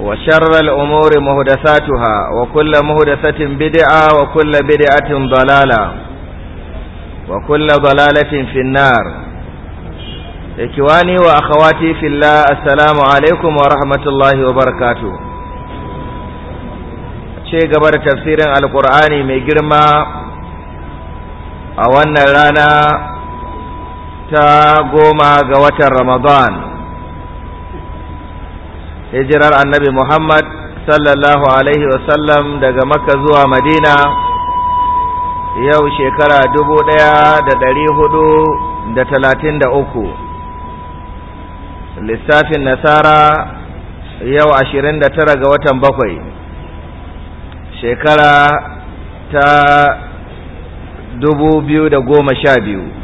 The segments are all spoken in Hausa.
wa sharrar umuri muhdathatuha wa kullu muhdathatin bid'a wa kullu bid'atin dalala wa kullu dalalatin finnar ikiwani wa akhawati fillah assalamu alaikum wa rahmatullahi wa barakatuh ce gaba da tafsirin alqur'ani mai girma a wannan rana ta goma ga watan ramadan hijirar annabi Muhammad sallallahu alaihi wasallam daga maka zuwa Madina yau shekara dubu ɗaya da ɗari hudu da talatin da uku lissafin nasara yau ashirin da tara ga watan bakwai shekara ta dubu biyu da goma sha biyu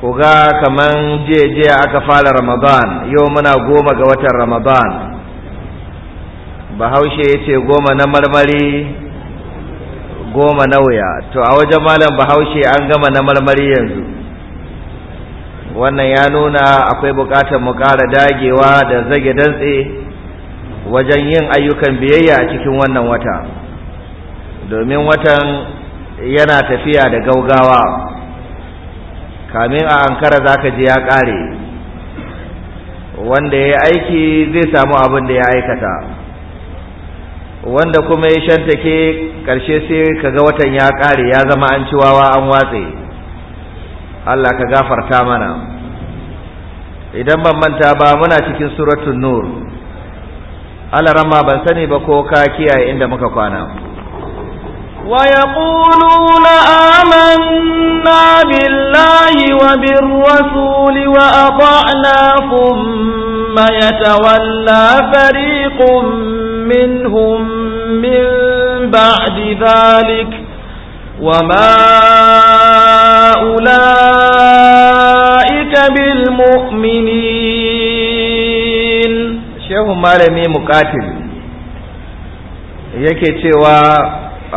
ku ga kaman jiya aka fara ramadan yau muna goma ga watan ramadan bahaushe ya ce goma na marmari goma na wuya to a wajen malam bahaushe an gama na marmari yanzu wannan ya nuna akwai bukatar mu ƙara dagewa da zage dantse wajen yin ayyukan biyayya a cikin wannan wata domin watan yana tafiya da gaugawa kamin a ankara za ka je ya ƙare wanda ya aiki zai samu abin da ya aikata wanda kuma ya shantake ƙarshe sai kaga watan ya ƙare ya zama an ci wawa an watse Allah ka gafarta mana idan ban manta ba muna cikin suratun nur Allah rama ban sani ba ko ka kiyaye inda muka kwana ويقولون آمنا بالله وبالرسول وأطعنا ثم يتولى فريق منهم من بعد ذلك وما أولئك بالمؤمنين شيخ مالمي مقاتل yake cewa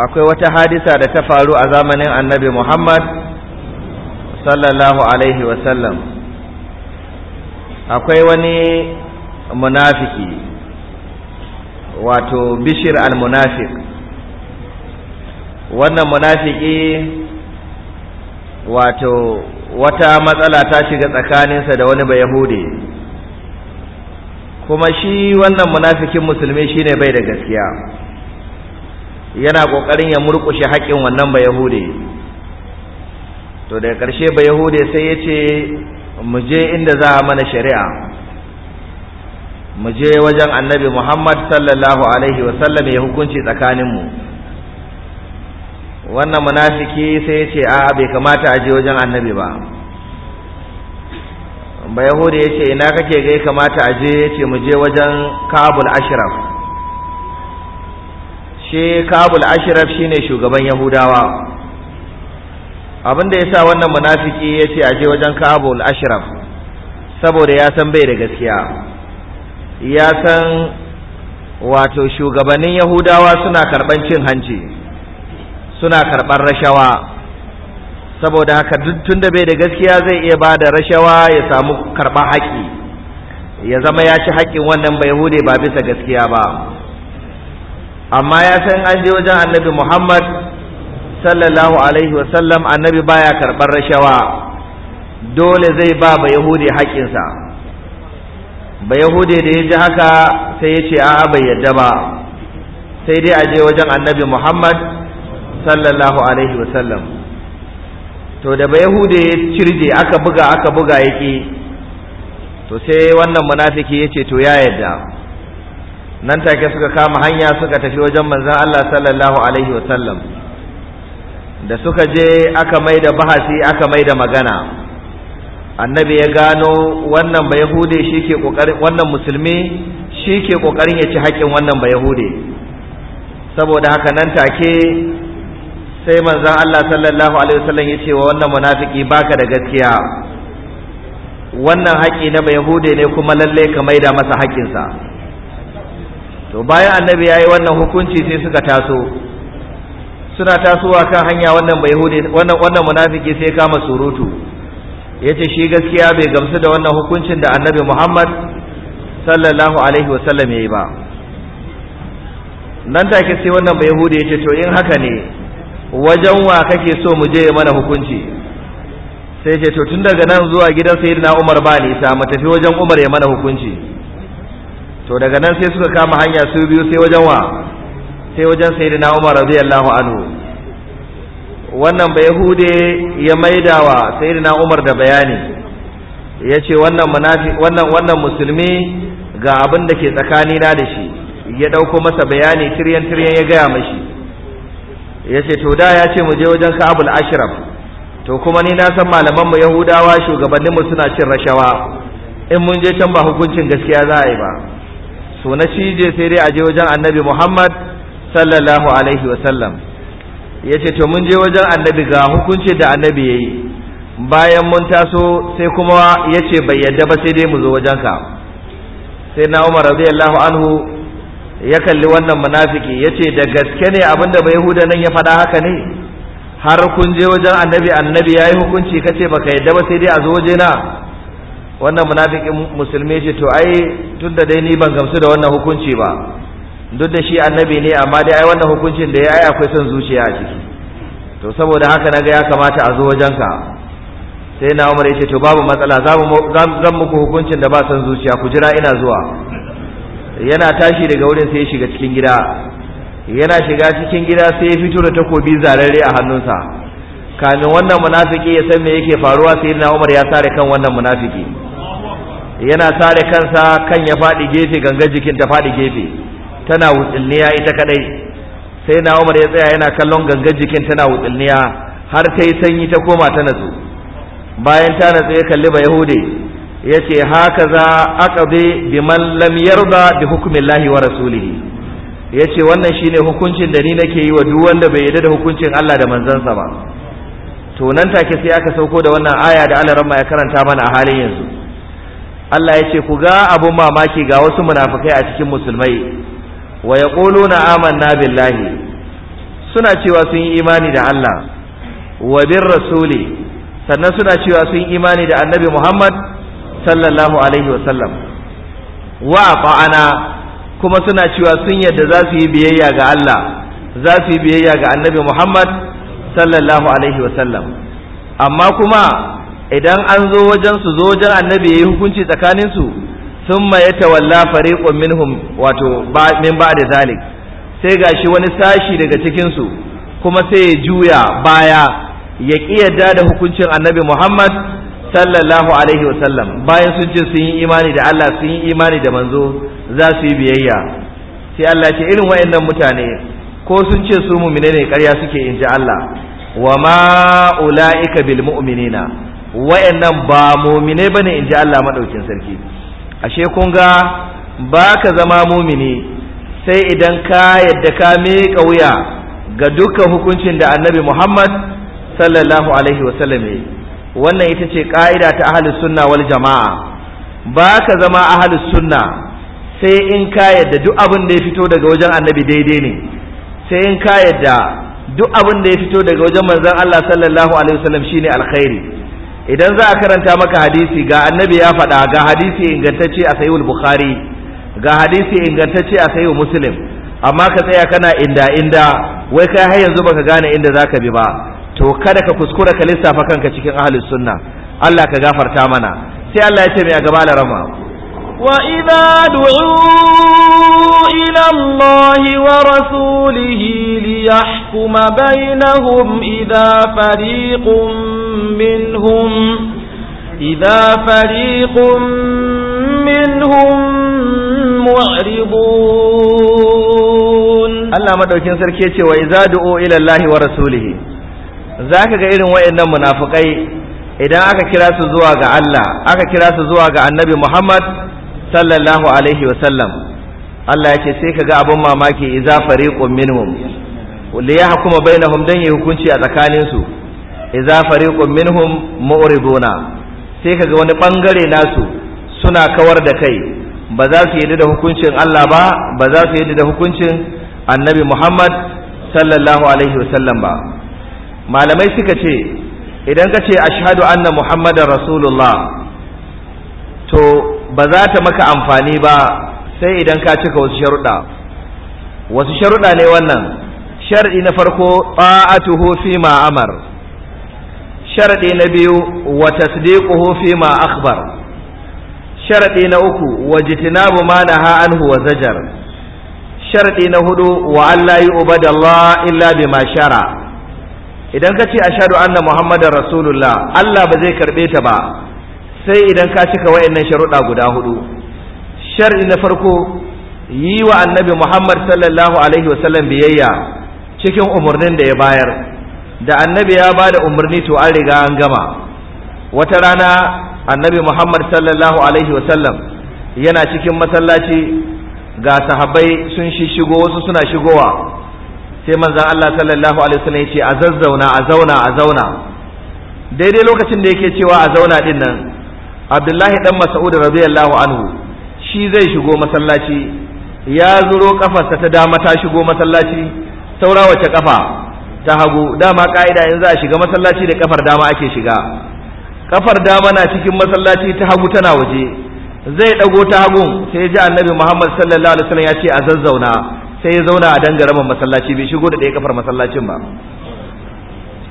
akwai wata hadisa da ta faru a zamanin annabi Muhammad sallallahu alaihi wasallam akwai wani munafiki wato bishir al-munafiq wannan munafiki wato wata matsala ta shiga tsakaninsa da wani bayahude kuma shi wannan munafikin musulmi shine bai da gaskiya yana kokarin ya murkushe haƙƙin wannan ba yahude to daga karshe ba yahude sai ya ce mu je inda za a mana shari'a mu je wajen annabi muhammad sallallahu alaihi wasallam ya hukunci tsakaninmu wannan munafiki sai ya ce a'a bai kamata a je wajen annabi ba ba yahude ya ce ina kake gai kamata a je ya ce mu je wajen kabul ashraf shi kabul ashraf shine shugaban yahudawa abinda ya yasa wannan munafiki ya ce aje wajen kabul ashraf saboda ya san bai da gaskiya ya san wato shugabannin yahudawa suna karban cin hanci suna karban rashawa saboda haka duk tunda bai da gaskiya zai iya ba da rashawa ya samu karban haƙi ya zama ya ci haƙƙin wannan bai hude ba bisa gaskiya ba amma ya san an je wajen annabi Muhammad sallallahu alaihi wasallam annabi baya karɓar rashawa dole zai ba ba Yahudi haƙƙinsa ba Yahudi da ya ji haka sai ya ce a'a bai yadda ba sai dai a je wajen annabi Muhammad sallallahu alaihi wasallam to da ba Yahudi ya cirje aka buga aka buga yake to sai wannan munafiki ya ce to ya yadda nan take suka kama hanya suka tafi wajen manzon Allah sallallahu alaihi wasallam da suka je aka mai da bahasi aka mai da magana annabi ya gano wannan ba yahude shi ke ƙoƙarin wannan musulmi shi ke ƙoƙarin ya ci haƙƙin wannan ba yahude saboda haka nan take sai manzon Allah sallallahu alaihi wasallam ya ce wa wannan munafiki baka da gaskiya wannan haƙƙi na ba yahude ne kuma lallai ka maida masa haƙƙinsa to bayan annabi ya yi wannan hukunci sai suka taso suna tasowa kan hanya wannan bai wannan wannan munafiki sai kama surutu yace shi gaskiya bai gamsu da wannan hukuncin da annabi Muhammad sallallahu alaihi wasallam yayi ba nan take sai wannan bai hude yace to in haka ne wajen wa kake so mu je mana hukunci sai ce to tun daga nan zuwa gidan sayyidina Umar ba nisa mu tafi wajen Umar ya mana hukunci to daga nan sai suka kama hanya su biyu sai wajen wa sai wajen sayyidina Umar radiyallahu anhu wannan hude ya maida wa sayyidina Umar da bayani yace wannan munafi wannan wannan musulmi ga abin da ke tsakani na da shi ya dauko masa bayani tiryan tiryan ya gaya mashi yace to da ya ce mu je wajen Ka'abul Ashraf to kuma ni na san malaman mu Yahudawa shugabannin mu suna cin rashawa in mun je can ba hukuncin gaskiya za a yi ba so na shi cije sai dai a je wajen annabi Muhammad sallallahu alaihi wasallam ya ce to mun je wajen annabi ga hukunci da annabi ya yi bayan mun taso sai kuma ya ce bai yadda ba sai dai mu zo wajenka sai na umar radiyallahu anhu ya kalli wannan munafiki ya ce da gaske ne abinda bai huda nan ya faɗa haka ne har kun je wajen annabi annabi ya yi hukunci ka ce baka yadda ba sai dai a zo wajena wannan munafikin musulmi ce to ai tun da dai ni ban gamsu da wannan hukunci ba duk da shi annabi ne amma dai ai wannan hukuncin da ya ai akwai son zuciya a ciki to saboda haka naga ya kamata a zo wajenka sai na umar yace to babu matsala zan muku hukuncin da ba son zuciya ku jira ina zuwa yana tashi daga wurin sai ya shiga cikin gida yana shiga cikin gida sai ya fito da takobi zararre a hannunsa kamin wannan munafiki ya san me yake faruwa sai na umar ya sare kan wannan munafiki yana sare kansa kan ya faɗi gefe ganga jikin ta faɗi gefe tana wutsilniya ita kadai sai na umar ya tsaya yana kallon ganga jikin tana wutsilniya har ta yi sanyi ta koma ta natsu bayan ta natsu ya kalli ba yahude ya ce haka za bi man lam yarda bi hukmillahi wa rasulihi ya ce wannan shine hukuncin da ni nake yi wa duk wanda bai yarda da hukuncin Allah da manzansa ba to nan take sai aka sauko da wannan aya da Allah ramma ya karanta mana a halin yanzu Allah ya ce ku ga abun mamaki ga wasu munafikai a cikin musulmai wa aman amanna billahi suna cewa sun yi imani da Allah wa bin rasuli sannan suna cewa sun yi imani da annabi Muhammad sallallahu alaihi wasallam wa fa'ana kuma suna cewa sun yadda za su yi biyayya ga Allah za su yi biyayya ga annabi Muhammad sallallahu alaihi wasallam amma kuma idan an zo wajen su zo wajen annabi yayi hukunci tsakanin su thumma yatawalla fariqun minhum wato min ba'da zalik sai gashi wani sashi daga cikin su kuma sai ya juya baya ya kiyarda da hukuncin annabi Muhammad sallallahu alaihi wa sallam bayan sun ce sun yi imani da Allah sun yi imani da manzo za su yi biyayya sai Allah ce irin wayannan mutane ko sun ce su mu'mine ne ƙarya suke inji Allah wa ma ulaika bil mu'minina wayannan ba mumine bane in ji Allah madaukin sarki ashe kun ga ba ka zama mumini sai idan ka yadda ka miƙa wuya ga dukkan hukuncin da annabi Muhammad sallallahu alaihi wasallam ya wannan ita ce ka'ida ta ahlus sunna wal jama'a ba ka zama ahlus sunna sai in ka yadda duk abin da ya fito daga wajen annabi daidai ne sai in ka yadda duk abin da ya fito daga wajen manzon Allah sallallahu alaihi wasallam shine alkhairi idan za a karanta maka hadisi ga annabi ya faɗa ga hadisi ingantacce a sayi bukhari ga hadisi ingantacce a sayi muslim amma ka tsaya kana inda inda wai kai har yanzu baka gane inda zaka bi ba to kada ka kuskura ka lissafa kanka cikin ahlus sunna Allah ka gafarta mana sai Allah ya ce mai a gaba da rama وإذا دعوا إلى الله ورسوله ليحكم بينهم إذا فريق منهم إذا فريق منهم mu'ridun Allah madaukin sarki yace wa idza du'u ila Allah wa rasulih zaka ga irin wayannan munafikai idan aka kira su zuwa ga Allah aka kira su zuwa ga Annabi Muhammad sallallahu alaihi wasallam Allah ya ce sai ka ga abin mamaki idza fariqun minhum ya hukuma bainahum dan yi hukunci a tsakanin su idza fariqun minhum mu'riduna sai ka ga wani bangare nasu suna kawar da kai ba za su yi da hukuncin Allah ba ba za su yi da hukuncin annabi Muhammad sallallahu alaihi wasallam ba malamai suka ce idan ka ce ashhadu anna muhammadar rasulullah ba za ta maka amfani ba sai idan ka cika wasu sharuɗa wasu sharuɗa ne wannan sharɗi na farko ta'atuhu fi ma amar sharɗi na biyu wa tasdiquhu fi ma akhbar sharɗi na uku wa ma naha anhu wa zajar sharadi na hudu wa alla yu'badallah illa bima shara idan ka ce ashhadu anna muhammadar rasulullah Allah ba zai karbe ta ba sai idan ka cika wayannan sharuɗa guda hudu sharɗi na farko yi wa annabi Muhammad sallallahu alaihi wasallam biyayya cikin umarnin da ya bayar da annabi ya ba da umarni to an riga an gama wata rana annabi Muhammad sallallahu alaihi wasallam yana cikin masallaci ga sahabbai sun shigo wasu suna shigowa sai manzan Allah sallallahu alaihi wasallam ya ce a zazzauna a zauna a zauna daidai lokacin da yake cewa a zauna din nan abdullahi dan mas'ud radiyallahu anhu shi zai shigo masallaci ya zuro kafarsa ta dama ta shigo masallaci saura wace kafa ta hagu dama ka'ida in za a shiga masallaci da kafar dama ake shiga kafar dama na cikin masallaci ta hagu tana waje zai dago ta hagun sai ji annabi muhammad sallallahu alaihi wasallam ya ce a zazzauna sai ya zauna a dangaraman masallaci bai shigo da ɗaya kafar masallacin ba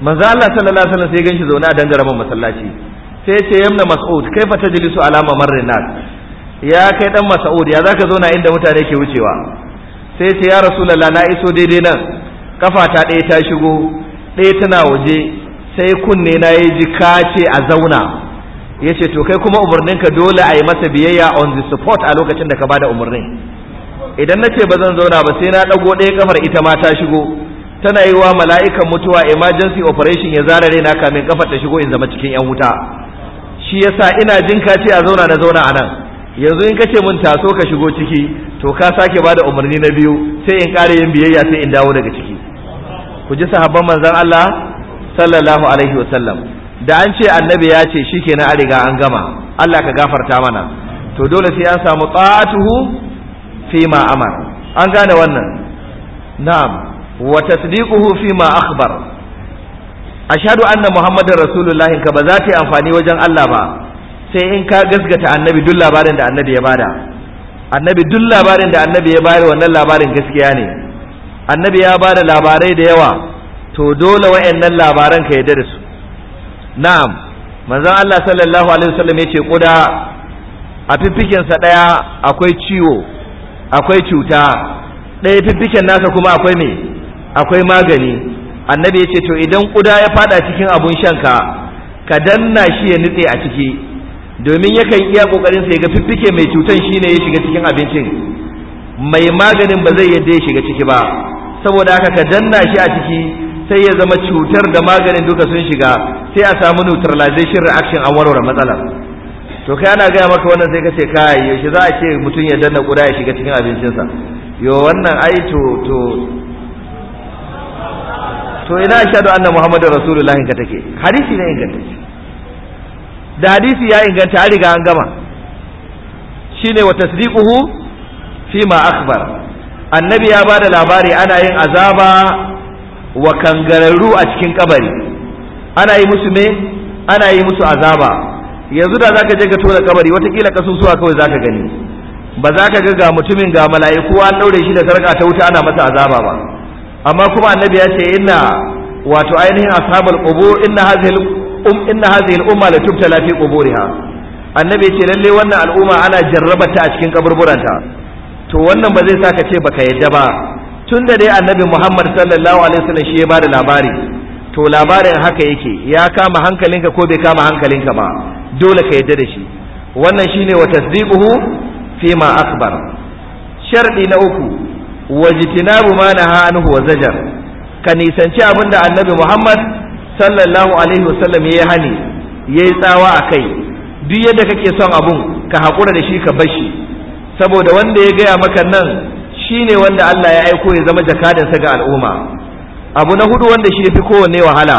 manzo Allah sallallahu alaihi wasallam sai ya ganshi zaune a dangaraman masallaci sai ce yamna mas'ud kai fa tajlisu ala mamarrin nas ya kai dan mas'ud ya zaka zauna inda mutane ke wucewa sai ce ya rasulullahi na iso daidai nan kafa ta ɗaya ta shigo ɗaya tana waje sai kunne na yi ji kace a zauna ya ce to kai kuma umarninka dole a yi masa biyayya on the support a lokacin da ka bada umarnin idan na ce ba zan zauna ba sai na ɗago ɗaya kamar ita ma ta shigo tana yi wa mala'ikan mutuwa emergency operation ya zara raina kamin kafar ta shigo in zama cikin 'yan wuta shi yasa ina jin ka ce a zauna na zauna a nan yanzu in ka kace mun taso ka shigo ciki to ka sake bada umarni na biyu sai in ƙara yin biyayya sai in dawo daga ciki ku ji sahabban manzon Allah sallallahu alaihi wa sallam. da an ce annabi ya ce shikenan an riga an gama Allah ka gafarta mana to dole sai an samu ta'atuhu fi ma amara an gane wannan na'am wa tasdiquhu fi ma akhbar ashhadu anna muhammadin rasulullahi ka ba za ta yi amfani wajen Allah ba sai in ka gasgata annabi duk labarin da annabi ya bada annabi duk labarin da annabi ya bada wannan labarin gaskiya ne annabi ya bada labarai da yawa to dole wa'annan labaran ka yarda da su na'am manzon Allah sallallahu alaihi wasallam ce kuda a fiffiken sa akwai ciwo akwai cuta ɗaya fiffiken nasa kuma akwai me akwai magani annabi ya ce to idan kuda ya fada cikin abun shanka ka danna shi ya nutse a ciki domin yakan iya kokarin sai ga fiffike mai cutan shine ya shiga cikin abincin mai maganin ba zai yadda ya shiga ciki ba saboda haka ka danna shi a ciki sai ya zama cutar da maganin duka sun shiga sai a samu neutralization reaction an warware matsalar to kai ana gaya maka wannan sai ka ce kai yaushe za a ce mutum ya danna kuda ya shiga cikin abincinsa yo wannan ai to to to ina ashhadu anna Muhammadu rasulullahi ka take hadisi ne ingantacce da hadisi ya inganta an riga an gama shine wa tasdiquhu fi ma akhbar annabi ya ba da labari ana yin azaba wa kangararru a cikin kabari ana yi musu me ana yi musu azaba yanzu da zaka je ka tura kabari watakila kasusuwa kawai zaka gani ba za ka ga ga mutumin ga mala'iku an daure shi da sarka ta wuta ana masa azaba ba amma kuma annabi ya ce inna wato ainihin ashabul qubur inna hadhihi um inna hadhihi umma la tubtala fi quburiha annabi ya ce lalle wannan al'umma ana jarrabata a cikin kaburburanta to wannan ba zai sa ka ce baka yadda ba tun da dai annabi Muhammad sallallahu alaihi wasallam shi ya bada labari to labarin haka yake ya kama hankalinka ko bai kama hankalinka ba dole ka yadda da shi wannan shine wa tasdiquhu fi ma akbar sharɗi na uku wajtinabu ma naha wa zajar ka nisanci abin da annabi Muhammad sallallahu alaihi wasallam yayi hani yayi tsawa akai duk yadda kake son abun ka hakura da shi ka bashi saboda wanda ya gaya maka nan shine wanda Allah ya aiko ya zama jakadansa ga al'umma abu na hudu wanda shi yafi kowanne wahala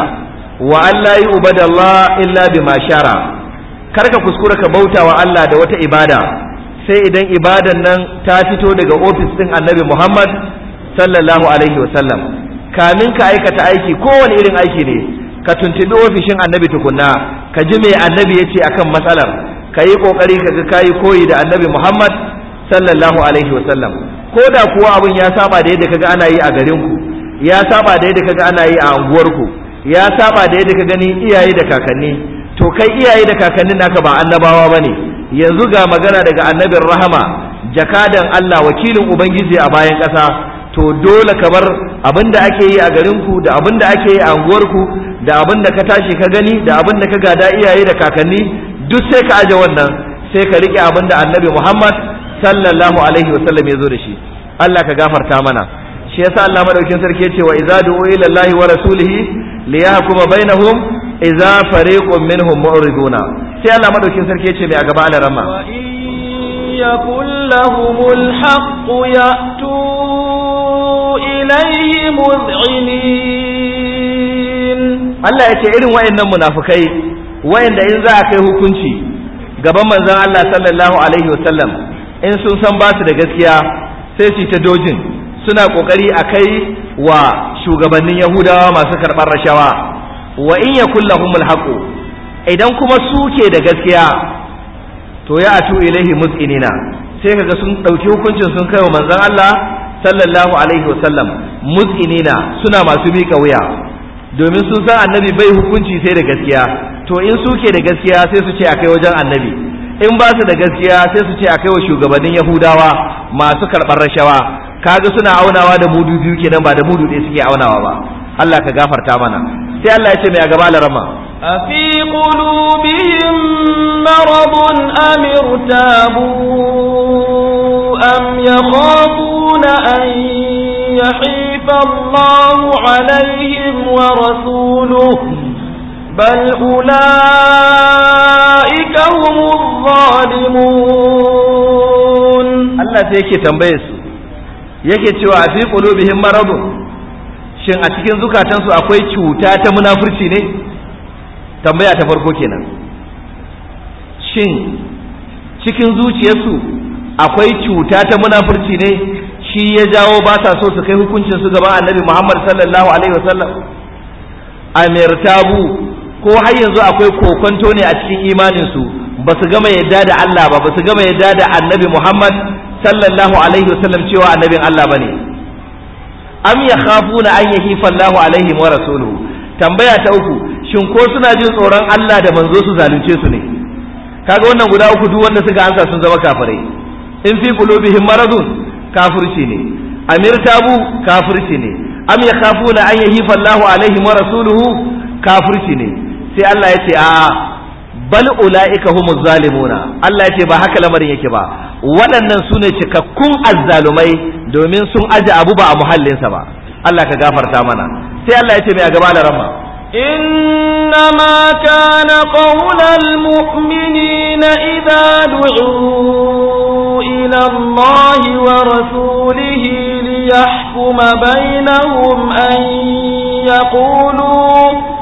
wa Allah da ubadallah illa bima shara karka kuskura ka bauta wa Allah da wata ibada sai idan ibadan nan ta fito daga ofis din annabi Muhammad sallallahu alaihi wasallam kamin ka aikata aiki kowane irin aiki ne ka tuntubi ofishin annabi tukunna ka ji mai annabi ya ce akan matsalar ka yi kokari ka ga kayi koyi da annabi Muhammad sallallahu alaihi wasallam ko da kuwa abin ya saba da yadda kaga ana yi a garin ku ya saba da yadda kaga ana yi a anguwar ku ya saba da yadda ka gani iyaye da kakanni to kai iyaye da kakannin naka ba annabawa bane yanzu ga magana daga annabin rahama jakadan Allah wakilin ubangiji a bayan ƙasa to dole bar abin da ake yi a garinku da abin da ake yi a unguwarku da abin da ka tashi ka gani da abin da ka gada iyaye da kakanni duk sai ka aje wannan sai ka rike abin da annabi Muhammad sallallahu alaihi wasallam ya zo da shi Allah ka gafarta mana shi yasa Allah madaukin sarki ya ce wa idza du'u ila Allahi wa rasulihi liyahkuma bainahum idza fariqun minhum mu'riduna sai Allah madaukin sarki yace mai a gaba alarama yakul ya haqq ya'tu ilayhi Allah irin wayannan munafukai, wayanda in za a kai hukunci gaban manzon Allah sallallahu alaihi wasallam in sun san ba su da gaskiya sai su ta dojin suna kokari a kai wa shugabannin Yahudawa masu karɓar rashawa wa in yakul lahumul haqu idan kuma suke da gaskiya to ya atu ilaihi muzinina sai kaga sun dauki hukuncin sun kai wa manzon Allah sallallahu alaihi wasallam muzinina suna masu bi wuya domin sun san annabi bai hukunci sai da gaskiya to in suke da gaskiya sai su ce akai wajen annabi in ba su da gaskiya sai su ce akai wa shugabannin yahudawa masu karɓar rashawa kaga suna aunawa da mudu biyu kenan ba da mudu ɗaya suke aunawa ba Allah ka gafarta mana sai Allah ya ce mai a gaba larama afi qulubihim maradun am irtabu am yakhafuna an yahifa Allah alaihim wa rasuluhu بل أولئك هم الظالمون الله سيكي تنبيس yake cewa a fi qulubihim maradun shin a cikin zukatansu akwai cuta ta munafurci ne tambaya ta farko kenan shin cikin zuciyarsu akwai cuta ta munafurci ne shi ya jawo ba sa so su kai hukuncin su gaban annabi Muhammad sallallahu alaihi wasallam ko har yanzu akwai kokonto ne a cikin imaninsu su ba su gama yadda da Allah ba ba su gama yadda da annabi Muhammad sallallahu alaihi wasallam cewa annabin Allah bane am yakhafuna an yahifa Allahu alaihim wa rasuluhu tambaya ta uku shin ko suna jin tsoron Allah da manzo su zalunce su ne kaga wannan guda uku duk wanda suka ansa sun zama kafirai in fi qulubihim maradun kafirci ne amir tabu kafirci ne am yakhafuna an yahifa Allahu alaihim wa rasuluhu kafirci ne sai Allah ya ce a'a bal ula'ika humuz zalimuna Allah ya ce ba haka lamarin yake ba waɗannan su ne cikakkun azzalumai domin sun aje abu ba a muhallinsa ba Allah ka gafarta mana sai Allah ya ce mai a gaba da rama إنما كان قول المؤمنين إذا دعوا إلى الله ورسوله ليحكم بينهم أن يقولوا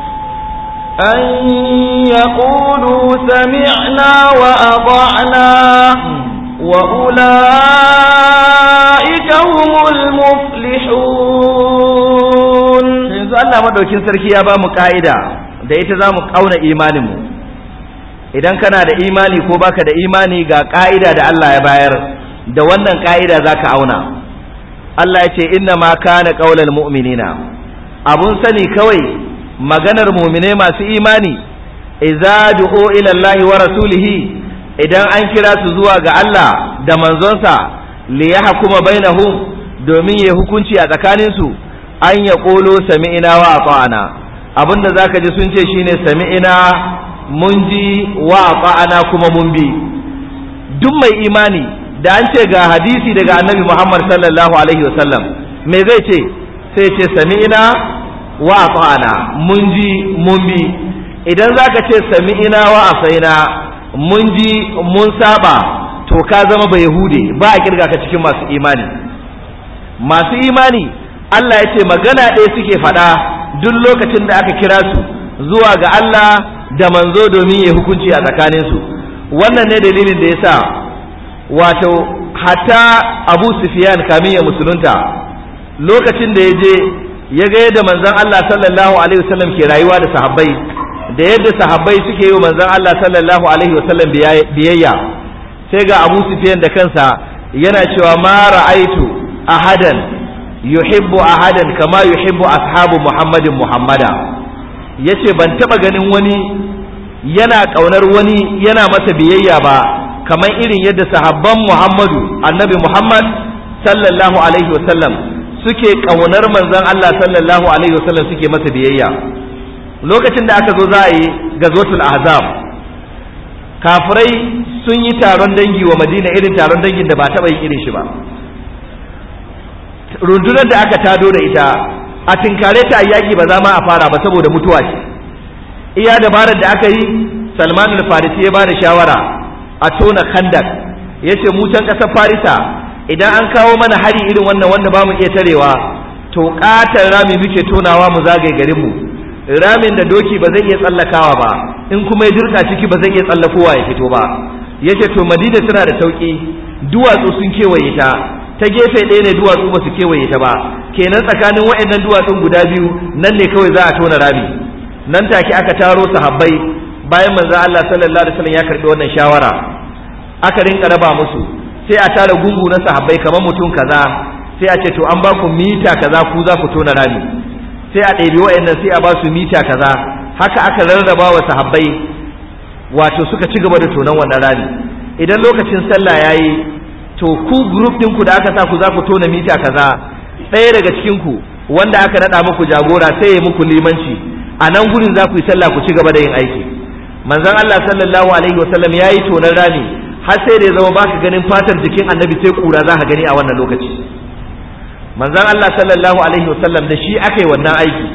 أن يقولوا سمعنا وأضعنا وأولئك هم المفلحون yanzu Allah madaukin sarki ya ba mu da ita za mu ƙauna imaninmu idan kana da imani ko baka da imani ga ƙa'ida da Allah ya bayar da wannan ƙa'ida za ka auna Allah ya ce inna ma kana ƙaunar mu'minina abun sani kawai maganar muminai masu imani idza du'u ila Allahi wa rasulihi idan an kira su zuwa ga Allah da manzonsa li yahkuma bainahum domin ya hukunci a tsakanin su an ya qulu sami'na wa ata'na abinda zaka ji sun ce shine sami'na mun ji wa ata'na kuma mun bi duk mai imani da an ce ga hadisi daga annabi Muhammad sallallahu alaihi wasallam me zai ce sai ce sami'na wa ata'ana mun ji mun bi idan zaka ce sami'ina wa asaina mun ji mun saba to ka zama ba yahude ba a kirga ka cikin masu imani masu imani Allah ya ce magana ɗaya suke faɗa duk lokacin da aka kira su zuwa ga Allah da manzo domin ya hukunci a tsakaninsu wannan ne dalilin da ya sa wato hatta abu sufiyan kamin ya musulunta lokacin da ya je ya ga yadda manzon Allah sallallahu alaihi wasallam ke rayuwa da sahabbai da yadda sahabbai suke yi manzon Allah sallallahu alaihi wasallam biyayya sai ga Abu Sufyan da kansa yana cewa ma ra'aitu ahadan yuhibbu ahadan kama yuhibbu ashabu Muhammadin Muhammada yace ban taba ganin wani yana kaunar wani yana masa biyayya ba kamar irin yadda sahabban Muhammadu annabi Muhammad sallallahu alaihi wasallam suke ƙaunar manzon Allah sallallahu alaihi wasallam suke masa biyayya lokacin da aka zo za a yi gazotul ahzab kafirai sun yi taron dangi wa madina irin taron dangin da ba taɓa yin irin shi ba rundunar da aka tado da ita a tinkare ta yaƙi ba za ma a fara ba saboda mutuwa ce iya dabarar da aka yi salman al-farisi ya ba da shawara a tona khandak ya ce mu can farisa idan an kawo mana hari irin wannan wanda ba mu iya tarewa to katar rami muke tonawa mu zagaye garin mu ramin da doki ba zai iya tsallakawa ba in kuma ya dirka ciki ba zai iya tsallakowa ya fito ba yace to Madida tana da sauki duwatsu sun kewaye ta ta gefe ɗaya ne duwatsu ba su kewaye ta ba kenan tsakanin waɗannan duwatsun guda biyu nan ne kawai za a tona rami nan take aka taro sahabbai bayan manzo Allah sallallahu alaihi wasallam ya karbi wannan shawara aka rinka raba musu sai a tara gungu na sahabbai kamar mutum kaza sai a ce to an ba ku mita kaza ku za ku tona rami sai a ɗebi wa'annan sai a ba su mita kaza haka aka rarraba wa sahabbai wato suka ci gaba da tonon wannan rami idan lokacin sallah yayi to ku group ku da aka sa ku za ku tona mita kaza ɗaya daga cikin ku wanda aka naɗa muku jagora sai ya muku limanci a nan gurin za ku yi sallah ku ci gaba da yin aiki manzon Allah sallallahu alaihi wasallam yayi tonon rami har sai da ya zama baka ganin fatar jikin annabi sai kura za ka gani a wannan lokaci manzan Allah sallallahu alaihi wasallam da shi aka yi wannan aiki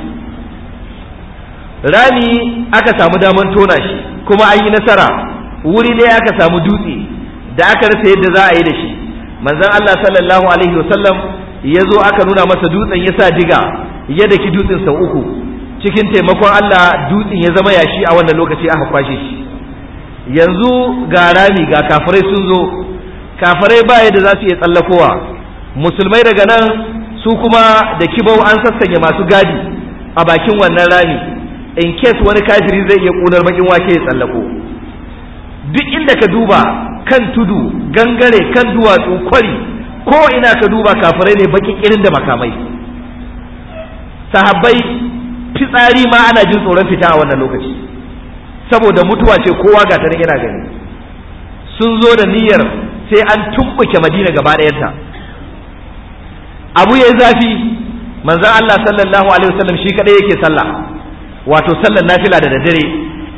rami aka samu daman tona shi kuma an yi nasara wuri ne aka samu dutse da aka rasa yadda za a yi da shi manzon Allah sallallahu alaihi wasallam ya zo aka nuna masa dutsen ya sa diga ya daki dutsen sau uku cikin taimakon Allah dutsen ya zama yashi a wannan lokaci aka kwashe shi yanzu ga rami ga kafirai sun zo kafirai ba yadda za su iya tsallakowa musulmai daga nan su kuma da kibau an sassanya masu gadi a bakin wannan rami in case wani kafiri zai iya ƙunar bakin wake ya tsallako duk inda ka duba kan tudu gangare kan duwatsu kwari ko ina ka duba kafirai ne bakin irin da makamai sahabbai fitsari ma ana jin tsoron fita a wannan lokaci saboda mutuwa ce kowa ga ta yana gani sun zo da niyyar sai an tumbuke madina gaba ɗayanta abu yi zafi manzan Allah sallallahu alaihi wasallam shi kadai yake sallah wato sallar nafila da daddare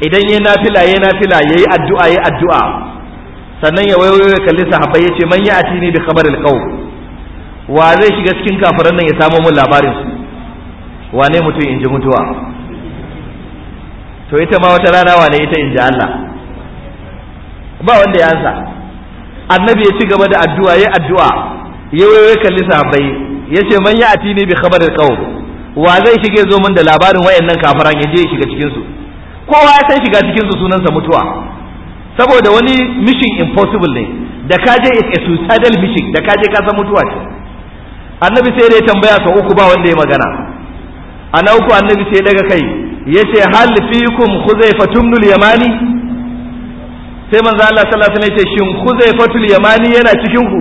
idan yayi nafila yayi nafila yayi addu'a yayi addu'a sannan ya wayo ya kalli sahabbai ce, man ya'ti ni da khabaril qaum wa zai shiga cikin kafiran nan ya samo mun labarin su wane mutum in ji mutuwa to ita ma wata rana wane ita in ji Allah ba wanda ya ansa annabi ya ci gaba da addu'a ya addu'a ya waye kalli sahabbai ya ce man ya atini bi khabarin qaum wa zai shige zo min da labarin wayannan kafaran ya je ya shiga cikin su kowa ya san shiga cikin sunansa mutuwa saboda wani mission impossible ne da ka is a suicidal mission da ka je ka san mutuwa ce annabi sai dai tambaya sau uku ba wanda ya magana a na uku annabi sai daga kai yace hal fikum khuzaifatun nul yamani sai manzo Allah sallallahu alaihi wasallam yace shin khuzaifatul yamani yana cikin ku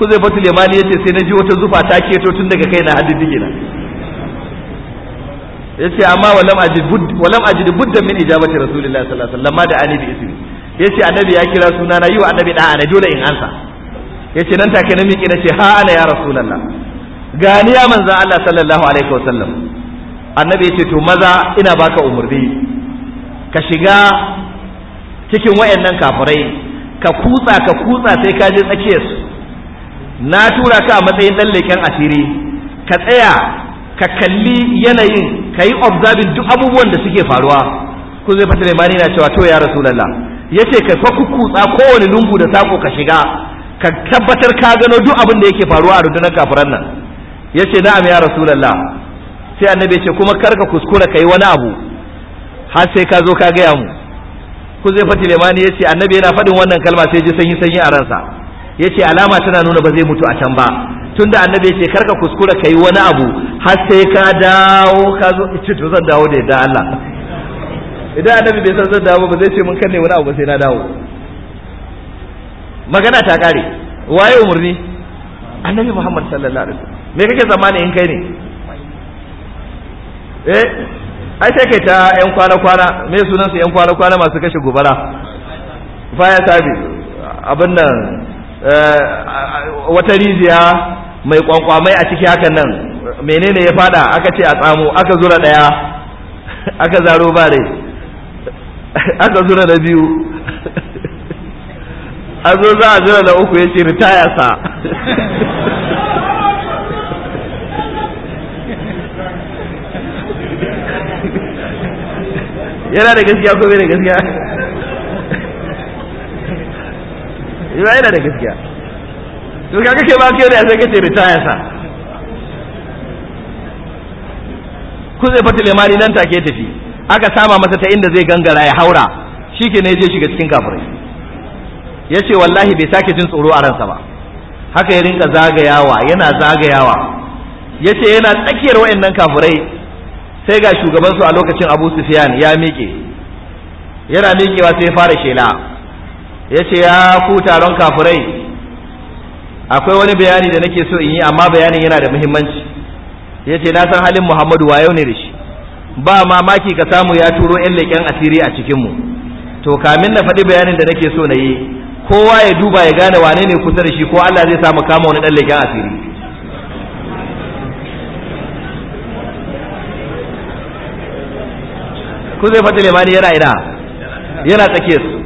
khuzaifatul yamani yace sai naji wata zufa ta keto tun daga kai na hadidi na yace amma walam ajid bud walam ajid budda min ijabati rasulillahi sallallahu alaihi wasallam ma da ani bi ismi yace annabi ya kira sunana yi wa annabi da ana dole in ansa yace nan take na miƙe nace ha ana ya rasulullah gani ya manzo Allah sallallahu alaihi wasallam annabi ya ce to maza ina baka umarni ka shiga cikin wayannan kafirai ka kutsa ka kutsa sai ka je tsakiyarsu na tura ka a matsayin ɗan leken asiri ka tsaya ka kalli yanayin ka yi observing duk abubuwan da suke faruwa ku zai fata limani na cewa to ya rasulallah ya ce ka faku kutsa kowane lungu da sako ka shiga ka tabbatar ka gano duk abin da yake faruwa a rundunar kafiran nan ya ce na'am ya rasulallah sai annabi ce kuma karka kuskura kai wani abu har sai ka zo ka gaya mu fati tilemani ya ce annabi yana faɗin wannan kalma sai ji sanyi sanyi a ransa ya ce alama tana nuna ba zai mutu a can ba tunda annabi ya ce karka kuskura kai wani abu har sai ka dawo ka zo ce to zan dawo da yadda Allah idan annabi bai san zan dawo ba zai ce mun kanne wani abu ba sai na dawo magana ta kare waye umurni annabi Muhammad sallallahu alaihi wasallam me kake zamani in kai ne eh ai sai ta yan kwana kwana me sunan su yan kwana kwana masu kashe gobara faya sabi abin nan eh, wata rijiya mai mai a ciki hakan nan menene ya fada aka ce a tsamo aka zura daya aka zaro ba aka zura na biyu a zo za a zura na uku ya ce ritaya sa yana da gaskiya ko bai da gaskiya yana da gaskiya to ka kake ba ke da sai kace retire sa ku zai fata limani nan take tafi aka sama masa ta inda zai gangara ya haura shike ne je shiga cikin kafirai yace wallahi bai sake jin tsoro a ransa ba haka ya rinka zagayawa yana zagayawa yace yana tsakiyar wayannan kafirai sai ga shugaban su a lokacin abu Sufyan ya miƙe yana miƙewa sai ya fara shela yace ce ya ku taron kafurai akwai wani bayani da nake so in yi amma bayanin yana da muhimmanci yace ce na san halin muhammadu wa yau ne da shi ba mamaki ka samu ya turo 'yan leƙen asiri a cikin mu to kamin na faɗi bayanin da nake so na yi kowa ya duba ya gane wane ne kusa da shi ko allah zai samu kama wani ɗan leƙen asiri ku zai fata lemani yana ina yana tsake su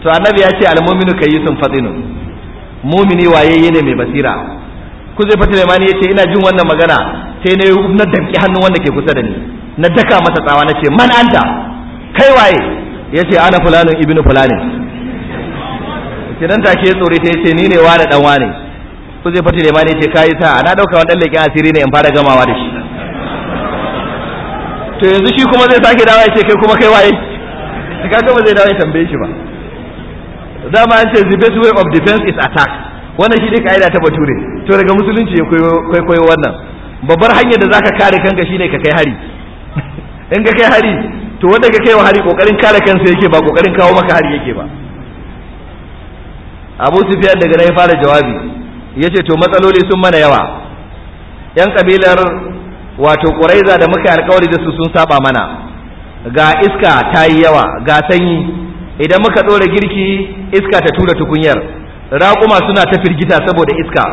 to annabi ya ce almominu ka yi sun momini mumini wayayye ne mai basira ku zai fata lemani ya ce ina jin wannan magana sai na na damki hannun wanda ke kusa da ni na daka masa tsawa na ce man anta kai waye ya ce ana fulanin ibnu fulani. kidan take ya tsore ta yace ni ne wa da dan wane ku zai fata lemani ya ce kai sa na dauka wannan lekin asiri ne in fara gamawa da shi to yanzu shi kuma zai sake dawo ya ce kai kuma kai waye ka ba zai dawo ya tambaye shi ba dama an ce the best way of defense is attack wannan shi ne ka'ida ta bature to daga musulunci ya kwaikwayo wannan babbar hanyar da zaka kare kanka shine ka kai hari in ka kai hari to wanda ka kai wa hari kokarin kare kansa yake ba kokarin kawo maka hari yake ba Abu Sufiyar daga nan ya fara jawabi ya ce to matsaloli sun mana yawa yan kabilar wato ƙuraiza da muka alkawari da su sun saba mana ga iska ta yi yawa ga sanyi idan muka ɗora girki iska ta tura tukunyar raƙuma suna ta firgita saboda iska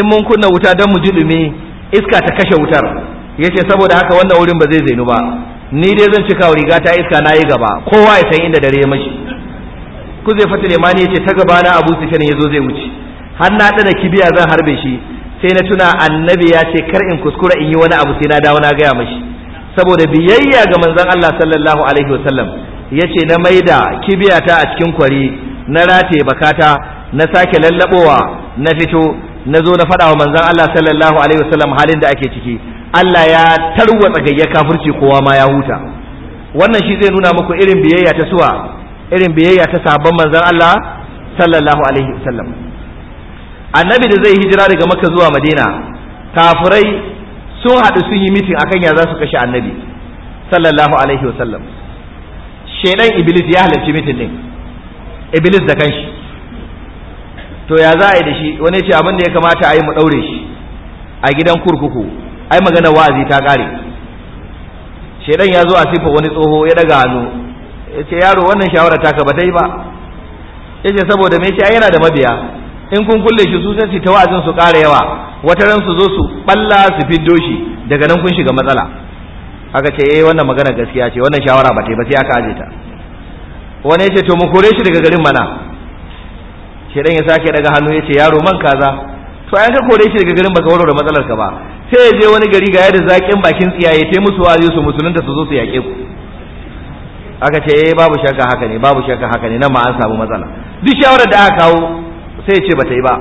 in mun kunna wuta don mu ji ɗumi iska ta kashe wutar yace saboda haka wannan wurin ba zai zainu ba ni dai zan cika wa riga ta iska na yi gaba kowa ya san inda dare ya mashi kuzai fatul ya yace ta gaba na abu ya yazo zai wuce har na dana kibiya zan harbe shi sai na tuna annabi ya ce kar in kuskura in yi wani abu sai na dawo na gaya mashi saboda biyayya ga manzon Allah sallallahu alaihi wasallam yace na maida kibiyata a cikin kwari na rataye bakata na sake lallabowa na fito na zo na faɗa wa manzon Allah sallallahu alaihi wasallam halin da ake ciki Allah ya tarwatsa gayya kafirci kowa ma ya huta wannan shi zai nuna muku irin biyayya ta suwa irin biyayya ta sabon manzon Allah sallallahu alaihi wasallam annabi da zai hijira daga makka zuwa madina kafirai sun haɗu sun yi mitin akan ya za su kashe annabi sallallahu alaihi wasallam shaidan iblis ya halarci mitin din iblis da kanshi to ya za a yi da shi wani ce abin da ya kamata a yi mu ɗaure shi a gidan kurkuku ai magana wa'azi ta ƙare shaidan ya zo a sifa wani tsoho ya daga hannu ya ce yaro wannan shawara ta ka ba dai ba ya ce saboda me ce ai yana da mabiya in kun kulle shi su sai su ta wa'azin su ƙara yawa wata ran su zo su balla su fiddo shi daga nan kun shiga matsala aka ce eh wannan magana gaskiya ce wannan shawara ba ta yi ba sai aka aje ta wani ya ce to mu kore shi daga garin mana shi dan ya sake daga hannu ya ce yaro man kaza to ai ka kore shi daga garin ba ka warware matsalar ka ba sai ya je wani gari ga yadda zakin bakin tsiyaye tai musu wazi su musulunta su zo su yaƙe ku aka ce eh babu shakka haka ne babu shakka haka ne nan ma an samu matsala duk shawarar da aka kawo sai ce ba ta yi ba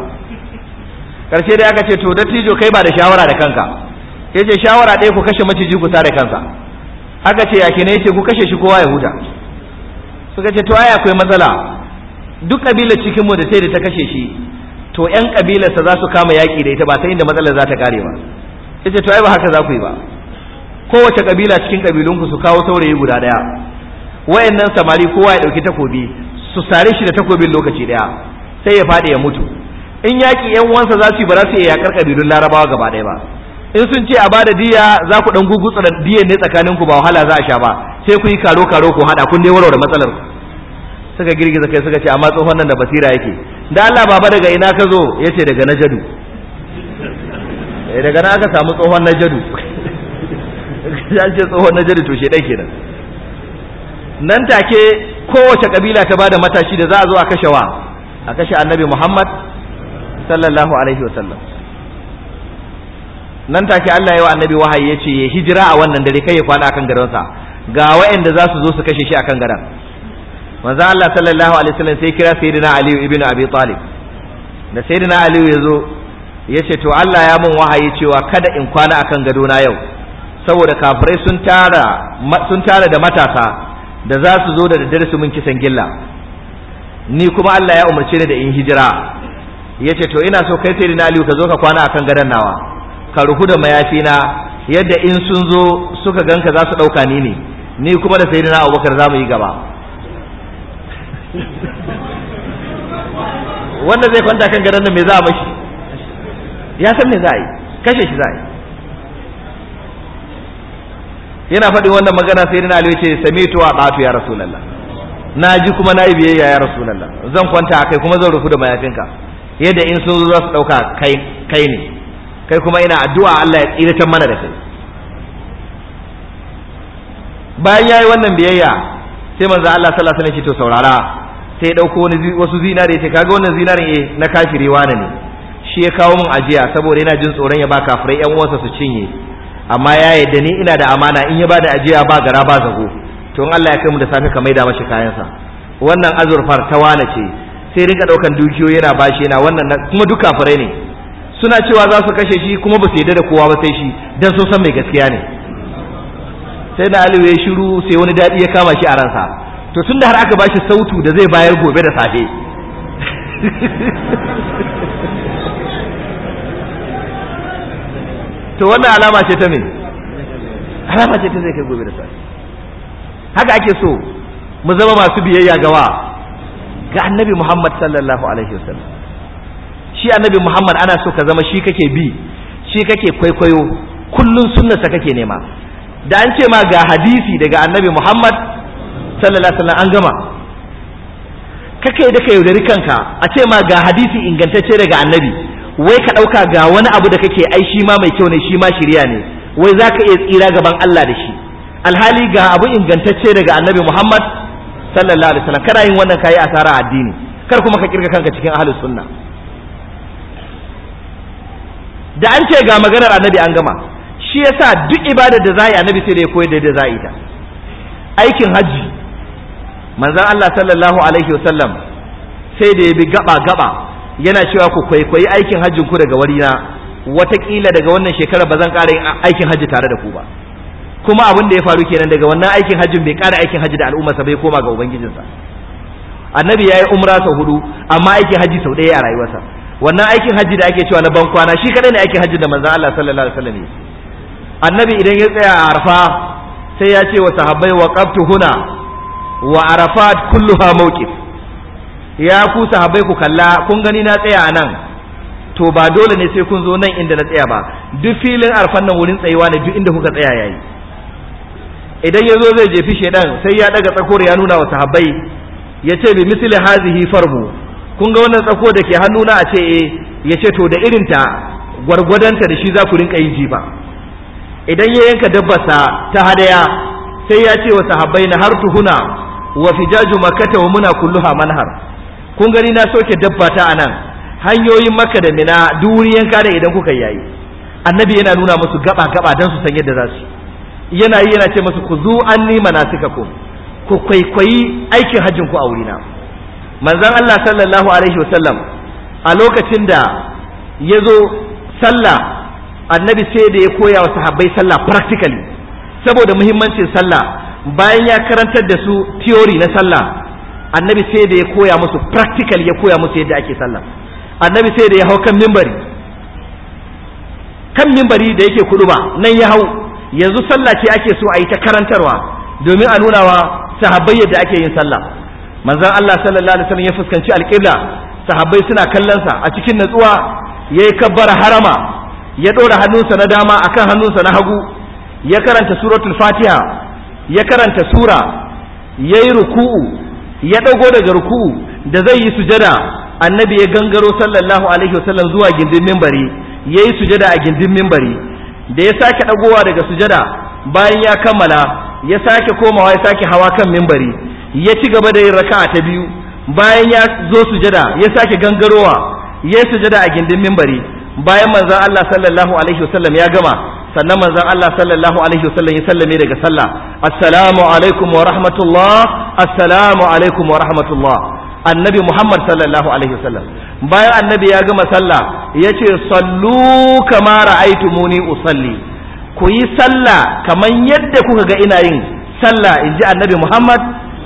karshe da aka ce to dattijo kai ba da shawara da kanka ya ce shawara ɗaya ku kashe maciji ku sare kansa aka ce yake ne ce ku kashe shi kowa ya huta suka ce to ai akwai matsala duk kabilar cikinmu mu da sai da ta kashe shi to yan kabilarsa za su kama yaƙi da ita ba ta inda matsalar za ta kare ba ya ce to ai ba haka za ku yi ba kowace kabila cikin ku su kawo saurayi guda daya wayannan samari kowa ya ɗauki takobi su sare shi da takobin lokaci daya sai ya faɗi ya mutu in yaƙi yan uwansa za su yi ba za su iya yaƙar ƙabilun larabawa gaba ɗaya ba in sun ce a bada diya za ku ɗan gugutsu da diya ne tsakanin ku ba wahala za a sha ba sai ku yi karo karo ku haɗa kun dai warware matsalar ku suka girgiza kai suka ce amma tsohon nan da basira yake da Allah baba daga ina ka zo yace daga najadu eh, daga na aka samu tsohon najadu ya ce tsohon najadu to shedan kenan nan take kowace kabila ta bada matashi da za a zo a kashe wa a kashe annabi Muhammad sallallahu alaihi wasallam nan take Allah ya wa annabi wahayi ya ce ya hijira a wannan dare kai ya kwana akan garinsa ga waɗanda za su zo su kashe shi akan garan manzo Allah sallallahu alaihi wasallam sai kira sayyidina Ali ibn Abi Talib da sayyidina Ali ya zo ya ce to Allah ya mun wahayi cewa kada in kwana akan gado na yau saboda kafirai sun tara sun tara da matasa da za su zo da daddare su mun kisan gilla ni kuma Allah ya umarce ni da in hijira yace to ina so kai sai na Aliyu ka zo ka kwana akan gadon nawa ka ruhu da mayafi na yadda in sun zo suka ganka za su dauka ni ne ni kuma da sayyidina Abubakar za mu yi gaba wanda zai kwanta kan gadon nan me za a mashi ya san me za a yi kashe shi za a yi yana faɗin wannan magana sai na aliyu ce samitu wa ɗatu ya rasulallah na ji kuma na yi biyayya ya rasulallah zan kwanta a kai kuma zan rufu da mayafinka yadda in sun zo za su ɗauka kai ne kai kuma ina addu'a Allah ya tsiratar mana da kai bayan ya yi wannan biyayya sai manzo Allah sallallahu alaihi wasallam ce to saurara sai ya dauko wani wasu zinare sai kaga wannan zinarin eh na kafiri wani ne shi ya kawo min ajiya saboda yana jin tsoron ya ba kafirai yan uwansa su cinye amma ya yadda ni ina da amana in ya ba da ajiya ba gara ba zago to in Allah ya kai mu da safe ka maida mashi kayansa wannan azurfar ta wane ce sai rinka daukan dukiyo yana bashi yana wannan kuma duka fure ne suna cewa za su kashe shi kuma ba su yarda da kowa ba sai shi dan so san mai gaskiya ne sai da Ali ya shiru sai wani dadi ya kama shi a ransa to tunda har aka bashi sautu da zai bayar gobe da safe to wannan alama ce ta me alama ce ta zai kai gobe da safe haka ake so mu zama masu biyayya gawa ga annabi Muhammad sallallahu alaihi wasallam shi annabi Muhammad ana so ka zama shi kake bi shi kake kwaikwayo kullun sunnarsa kake nema da an ce ma ga hadisi daga annabi Muhammad sallallahu alaihi an gama kake da kai yaudari kanka a ce ma ga hadisi ingantacce daga annabi wai ka ɗauka ga wani abu da kake ai shi ma mai kyau ne shi ma shirya ne wai za ka iya tsira gaban Allah da shi alhali ga abu ingantacce daga annabi Muhammad sallallahu alaihi wasallam kana yin wannan kai asara addini kar kuma ka kirga kanka cikin ahlus sunna da an ce ga maganar annabi an gama shi yasa duk ibada da za'i annabi sai da koyar da yadda za'i ta aikin hajji manzon Allah sallallahu alaihi wasallam sai da ya bi gaba gaba yana cewa ku kwaikwayi aikin hajjin ku daga warina watakila daga wannan shekarar ba zan ƙara yin aikin hajji tare da ku ba kuma abin da ya faru kenan daga wannan aikin hajjin bai ƙara aikin hajji da al'ummarsa bai koma ga ubangijinsa annabi ya yi umra sau hudu amma aikin hajji sau ɗaya a rayuwarsa wannan aikin hajji da ake cewa na ban kwana shi kadai ne aikin hajji da manzon Allah sallallahu alaihi wasallam annabi idan ya tsaya a arfa sai ya ce wa sahabbai wa qabtu huna wa arafat kulluha mawqif ya ku sahabbai ku kalla kun gani na tsaya a nan to ba dole ne sai kun zo nan inda na tsaya ba duk filin arfan nan wurin tsayuwa ne duk inda kuka tsaya yayi idan ya zo zai jefi shaidan sai ya daga tsakor ya nuna wa sahabbai ya ce bi misli hazihi farbu kun ga wannan tsako da ke hannuna a ce eh ya ce to da irin ta gwargwadonta da shi za ku rinka yin jifa idan ya yanka dabbarsa ta hadaya sai ya ce wa sahabbai na har tuhuna wa fijaju makkata wa muna kulluha manhar kun gani na soke dabba ta anan hanyoyin makka da mina duriyan da idan kuka yayi annabi yana nuna musu gaba gaba dan su san yadda za su yi yana yi yana ce musu ku zu anni suka ku ku kwaikwayi aikin hajjin ku a wurina manzon Allah sallallahu alaihi wa sallam, a lokacin da ya zo sallah annabi sai da ya koya wa sahabbai sallah practically saboda muhimmancin sallah bayan ya karantar da su theory na sallah annabi sai da ya koya musu practical ya koya musu yadda ake sallah annabi sai da ya hau kan mimbari kan mimbari da yake kuɗuba nan ya hau yanzu sallah ce ake so a yi ta karantarwa domin a nuna wa sahabbai yadda ake yin sallah manzon Allah sallallahu alaihi wasallam ya fuskanci alƙibla sahabbai suna kallon sa a cikin natsuwa yayi kabbara harama ya ɗora hannunsa na dama akan hannunsa na hagu ya karanta suratul fatiha ya karanta sura yayi ruku'u ya dago daga ruku'u da zai yi sujada annabi ya gangaro sallallahu alaihi wasallam zuwa gindin mimbari yayi sujada a gindin mimbari da ya sake dagowa daga sujada bayan ya kammala ya sake komawa ya sake hawa kan mimbari ya ci gaba da yin raka'a ta biyu bayan ya zo sujada ya sake gangarowa ya yi sujada a gindin mimbari bayan manzon Allah sallallahu alaihi wasallam ya gama sannan manzon Allah sallallahu alaihi wasallam ya sallame daga sallah assalamu alaikum wa rahmatullah assalamu alaikum wa rahmatullah annabi Muhammad sallallahu alaihi wasallam bayan annabi ya gama sallah yace sallu kama ra'aytumuni usalli ku yi sallah kaman yadda kuka ga ina yin sallah inji annabi Muhammad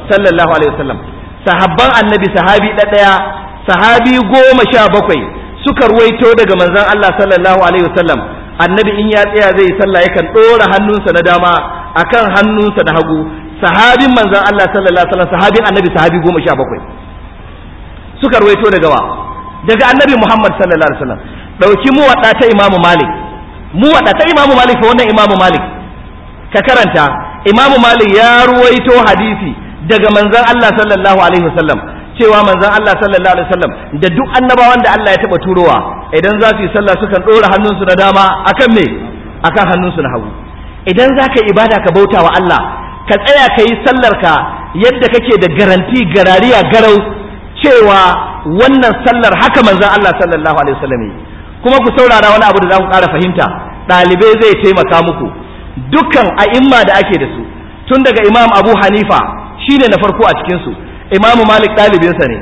sallallahu alaihi wasallam sahabban annabi sahabi ɗaya sahabi goma sha bakwai suka ruwaito daga manzon Allah sallallahu alaihi wasallam annabi in ya tsaya zai sallah yakan ɗora hannunsa na dama akan hannunsa na hagu sahabin manzon Allah sallallahu alaihi wasallam sahabin annabi sahabi goma sha bakwai suka ruwaito daga wa daga annabi Muhammad sallallahu alaihi wasallam dauki mu wada ta Imam Malik mu wada ta Imam Malik wannan Imam Malik ka karanta Imam Malik ya ruwaito hadisi daga manzon Allah sallallahu alaihi wasallam cewa manzon Allah sallallahu alaihi wasallam da duk annabawan da Allah ya taba turowa idan za su yi sallah sukan dora hannunsu na dama akan me akan hannunsu na hagu idan za ka ibada ka bauta wa Allah ka tsaya ka yi sallarka ka yadda kake da garanti garariya garau cewa wannan sallar haka manzan Allah sallallahu alaihi wasallam yi kuma ku saurara wani abu da za ku ƙara fahimta ɗalibai zai taimaka muku dukkan a'imma da ake da su tun daga imam abu hanifa shine na farko a cikinsu su imamu malik ɗalibinsa ne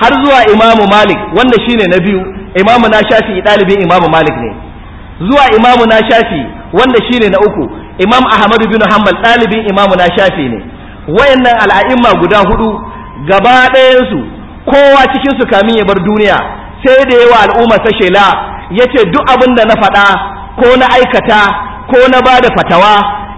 har zuwa imamu malik wanda shine na biyu imamu na shafi ɗalibin imamu malik ne zuwa imamu na shafi wanda shine na uku imam ahmadu bin hanbal ɗalibin imamu na shafi ne wayannan al'a'imma guda hudu gaba ɗayansu kowa cikin su kamin ya bar duniya sai da yawa al'umma ta shela yace duk abin da na faɗa ko na aikata ko na bada fatawa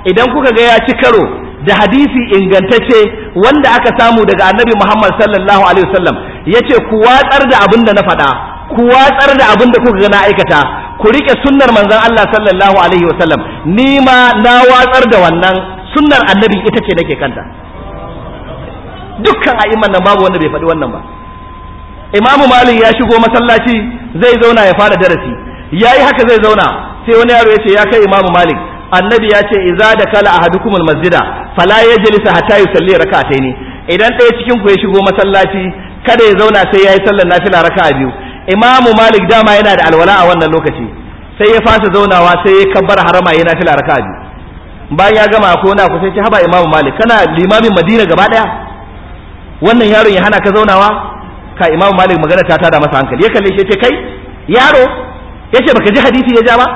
idan kuka ga ya ci karo da hadisi ingantacce wanda aka samu daga annabi Muhammad sallallahu alaihi wasallam yace ku watsar da abin da na faɗa ku watsar da abin da kuka ga na aikata ku rike sunnar manzon Allah sallallahu alaihi wasallam ni ma na watsar da wannan sunnar annabi ita ce nake kanta dukkan a'imman nan babu wanda bai faɗi wannan ba imamu malik ya shigo masallaci zai zauna ya fara darasi yayi haka zai zauna sai wani yaro ya ce ya kai imamu malik annabi ya ce idza dakala ahadukum masjida fala yajlis hatta yusalli rak'atayn idan ɗaya cikin ku ya shigo masallaci kada ya zauna sai yayi sallar nafila raka'a biyu imamu malik dama yana da alwala a wannan lokaci sai ya fasa zaunawa sai ya kabbara harama yana nafila raka'a biyu bayan ya gama ko na ku sai ce haba imamu malik kana limamin madina gaba daya wannan yaron ya hana ka zaunawa ka imamu malik magana ta tada masa hankali ya kalle shi ce kai yaro yace baka ji hadisi ya ja ba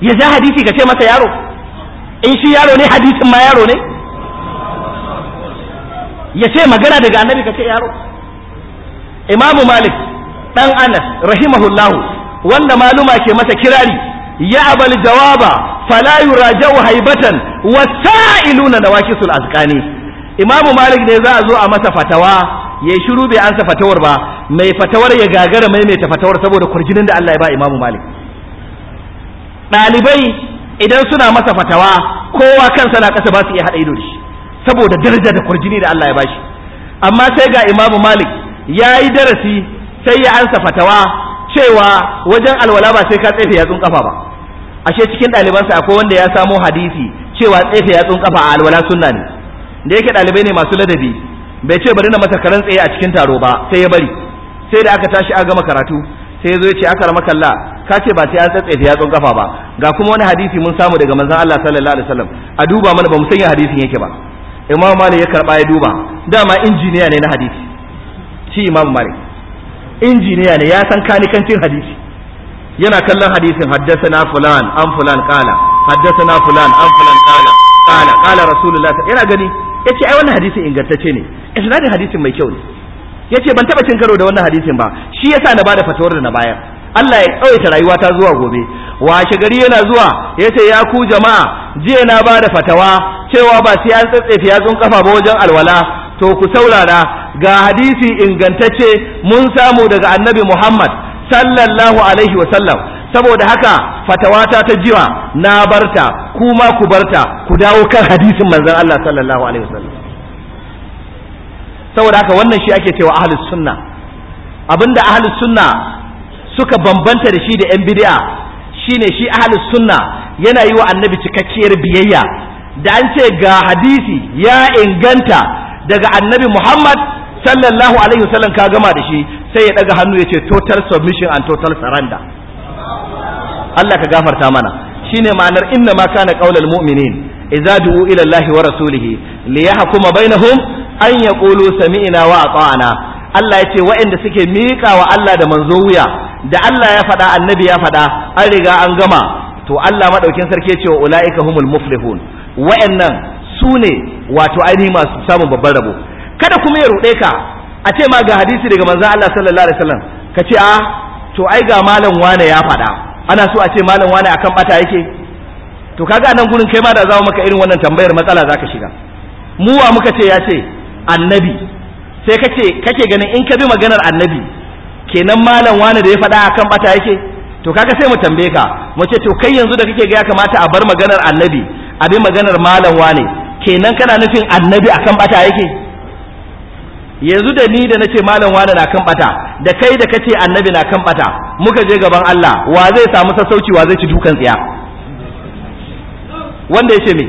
ya ja hadisi ka ce masa yaro in shi yaro ne hadisin ma yaro ne ya ce magana daga annabi ka ce yaro imamu malik dan anas rahimahullahu wanda maluma ke masa kirari ya abal jawaba fala yurajau haibatan wa sa'iluna nawakisul azqani imamu malik ne za a zo a masa fatawa yayi shiru bai ansa fatawar ba mai fatawar ya gagara maimaita fatawar saboda kurjinin da Allah ya ba Imam Malik ɗalibai idan suna masa fatawa kowa kansa na ƙasa ba su iya haɗa ido da shi saboda daraja da kurjini da Allah ya bashi amma sai ga Imam Malik ya yi darasi sai ya ansa fatawa cewa wajen alwala ba sai ka tsefe yatsun kafa ba ashe cikin ɗalibansa akwai wanda ya samo hadisi cewa tsefe yatsun kafa a alwala sunna ne da yake ɗalibai ne masu ladabi bai ce bari na masa karan tsaye a cikin taro ba sai ya bari sai da aka tashi aka gama karatu sai ya zo ya ce aka rama kalla ka ce ba sai an tsatsaye ta yatsun kafa ba ga kuma wani hadisi mun samu daga manzon Allah sallallahu alaihi wasallam a duba mana ba mu ya hadisin yake ba imam malik ya karba ya duba dama injiniya ne na hadisi shi imam malik injiniya ne ya san cin hadisi yana kallon hadisin haddathana fulan an fulan kala haddathana fulan an fulan kala kala kala rasulullah yana gani yace ai wannan hadisi ingantacce ne isnadin hadisin mai kyau ne yace ban taba cin karo da wannan hadisin ba shi yasa na bada fatawar da na bayar Allah ya tsawaita rayuwa ta zuwa gobe washe gari yana zuwa ya ce ya ku jama'a jiya na bada fatawa cewa ba sai an tsatsefe yatsun kafa ba wajen alwala to ku saurara ga hadisi ingantacce mun samu daga annabi Muhammad sallallahu alaihi wa saboda haka fatawata ta jiwa na barta kuma ku barta ku dawo kan hadisin manzon Allah sallallahu alaihi wa sallam saboda haka wannan shi ake cewa ahlus sunna abinda ahlus sunna suka bambanta da shi da yan bid'a shine shi ahlus sunna yana yi wa annabi cikakkiyar biyayya da an ce ga hadisi ya inganta daga annabi Muhammad sallallahu alaihi wasallam ka gama da shi sai ya daga hannu ya ce total submission and total surrender Allah ka gafarta mana shine ma'anar inna ma kana qaulal mu'minin idza du'u ila Allah wa rasulihi liyahkuma bainahum an ya ƙulu sami'ina wa ata'ana Allah ya ce waɗanda suke miƙa wa Allah da manzo wuya da Allah ya faɗa annabi ya faɗa an riga an gama to Allah maɗaukin sarki ya ce wa ula'ika humul muflihun waɗannan su ne wato ainihi masu samun babban rabo kada kuma ya ruɗe ka a ce ma ga hadisi daga manzo Allah sallallahu alaihi wasallam ka ce a ah, to ai ga malam wane ya faɗa ana so a ce malam wane akan bata yake to kaga nan gurin kai ma da za maka irin wannan tambayar matsala zaka shiga mu wa muka ce ya ce annabi sai kace kake ganin in ka bi maganar annabi kenan malam wani da ya faɗa akan bata yake to kaga sai mu tambaye ka mu ce to kai yanzu da kake ga ya kamata a bar maganar annabi a bi maganar malam wani kenan kana nufin annabi akan bata yake yanzu da ni da nace malam wani na kan bata da kai da kace annabi na kan bata muka je gaban Allah wa zai samu sassauci wa zai ci dukan tsiya wanda yace me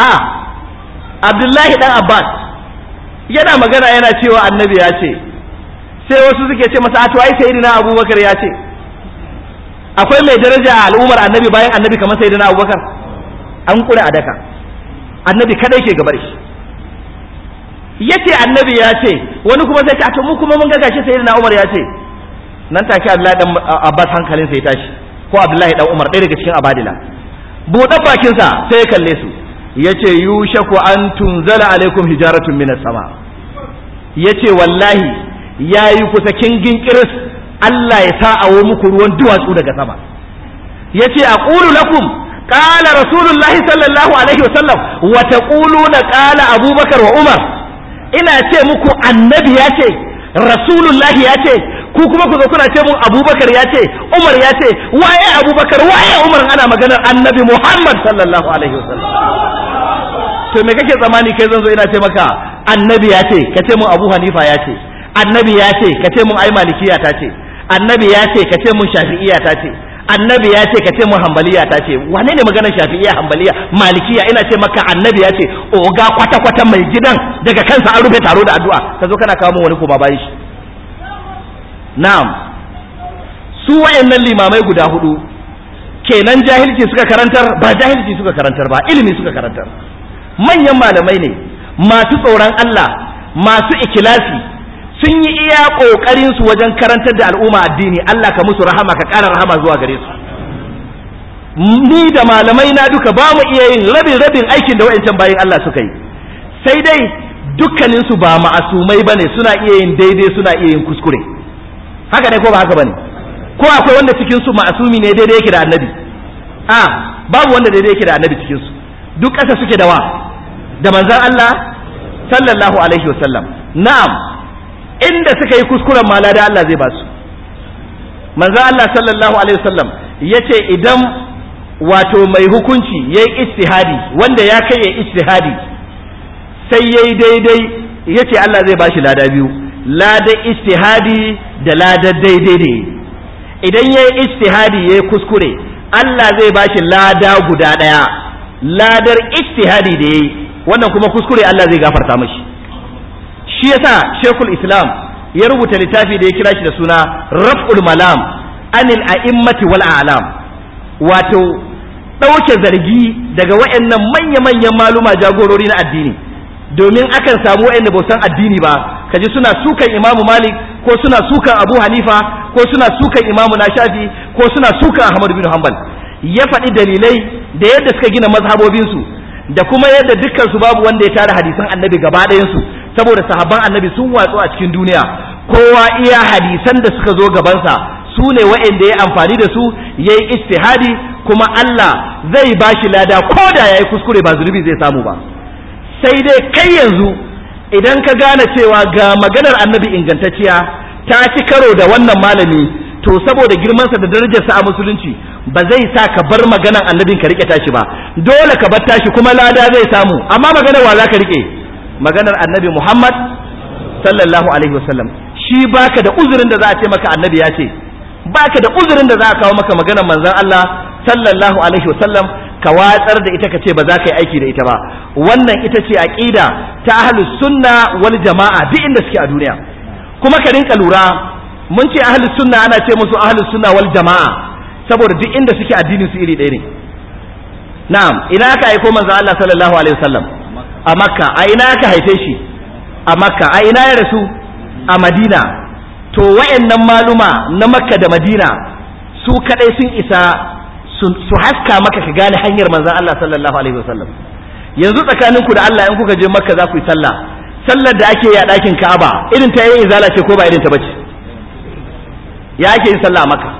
a abdullahi dan abbas yana magana yana cewa annabi ya ce sai wasu suke ce masa to ai sayyidina abubakar ya ce akwai mai daraja a al'ummar annabi bayan annabi kamar sayyidina abubakar an kura a daka annabi kadai ke gabar shi yace annabi ya ce wani kuma sai ce to mu kuma mun ga gashi sayyidina umar ya ce nan take abdullahi dan abbas hankalinsa ya tashi ko abdullahi dan umar ɗaya daga cikin abadila buɗe bakinsa sai ya kalle su yace yushaku an tunzala alaikum hijaratun minas sama yace wallahi yayi kusa kingin kiris Allah ya sa awo muku ruwan duwatsu daga sama yace aqulu lakum قال رسول الله صلى الله عليه وسلم وتقولون قال أبو بكر ina ce muku annabi yace ce rasulullahi ya ce ku kuma ku zo kuna ce mun abubakar ya ce umar ya ce waye abubakar waye umar ana maganar annabi muhammad sallallahu alaihi wasallam to me kake tsammani kai zan zo ina ce maka annabi ya ce ka ce mun abu hanifa ya ce annabi ya ce ka ce mun ai malikiya ta ce annabi ya ce ka ce mun shafi'iya ta ce annabi ya ce ka ce mun hambaliya ta ce wane ne maganar shafi'iya hambaliya malikiya ina ce maka annabi ya ce oga kwata kwata mai gidan daga kansa an rufe taro da addu'a ka zo kana kawo mun wani kuma bayan shi na'am su wayannan limamai guda hudu kenan jahilci suka karantar ba jahilci suka karantar ba ilimi suka karantar manyan malamai ne masu tsoron Allah masu ikilasi sun yi iya kokarin su wajen karantar da al'umma addini Allah ka musu rahama ka kara rahama zuwa gare su ni da malamai na duka ba mu iya yin rabin rabin aikin da wayancan bayin Allah suka yi sai dai dukkaninsu ba ma'asumai bane suna iya yin daidai suna iya yin kuskure haka dai ko ba haka bane ko akwai wanda cikin su ma'asumi ne daidai yake da annabi a babu wanda daidai yake da annabi cikin su duk ƙasa suke da wa da manzon Allah sallallahu alaihi wasallam na'am inda suka yi kuskuren ma da Allah zai ba su manzon Allah sallallahu alaihi wasallam yace idan wato mai hukunci yayi ijtihadi wanda ya kai ya ijtihadi sai yayi daidai yace Allah zai ba shi lada biyu lada istihadi da lada daidai ne idan ya yi istihadi ya yi kuskure Allah zai ba shi lada guda ɗaya ladar istihadi da ya yi wannan kuma kuskure Allah zai gafarta mashi shi yasa shekul islam ya rubuta littafi da ya kira shi da suna raf'ul malam anil a'immati wal a'lam wato ɗauke zargi daga waɗannan manya-manyan maluma jagorori na addini domin akan samu waɗanda ba san addini ba kaji suna sukan imamu malik ko suna sukan abu hanifa ko suna sukan imamu na shafi ko suna sukan ahmad bin hanbal ya faɗi dalilai da yadda suka gina mazhabobinsu da kuma yadda dukkan su babu wanda ya tara hadisan annabi gaba ɗayansu saboda sahabban annabi sun watsu a cikin duniya kowa iya hadisan da suka zo gabansa su ne waɗanda ya amfani da su ya yi istihadi kuma Allah zai bashi lada ko da ya yi kuskure ba zunubi zai samu ba sai dai kai yanzu idan ka gane cewa ga maganar annabi ingantacciya ta ci karo da wannan malami to saboda girmansa da darajar sa a musulunci ba zai sa ka bar maganar annabin ka rike tashi ba dole ka bar tashi kuma lada zai samu amma maganar wa za ka rike maganar annabi muhammad sallallahu alaihi wasallam shi baka da uzurin da za a ce maka annabi ya ce baka da uzurin da za a kawo maka maganar manzon allah sallallahu alaihi wasallam ka watsar da ita ka ce ba za ka yi aiki da ita ba wannan ita ce aqida ta ahlus sunna wal jama'a duk inda suke a duniya kuma ka rinka lura mun ce ahlus sunna ana ce musu ahlus sunna wal jama'a saboda duk inda suke addinin su iri ɗaya ne na'am ina ka aiko manzo Allah sallallahu alaihi wasallam a makka a ina ka haife shi a makka a ina ya rasu a madina to wayannan maluma na makka da madina su kadai sun isa su haska maka ka gane hanyar manzon Allah sallallahu alaihi wasallam yanzu tsakaninku da Allah in kuka je makka za ku yi sallah sallar da ake yi a ɗakin Ka'aba irin ta yayin izala ce ko ba irin ta bace ya ake yin sallah a maka.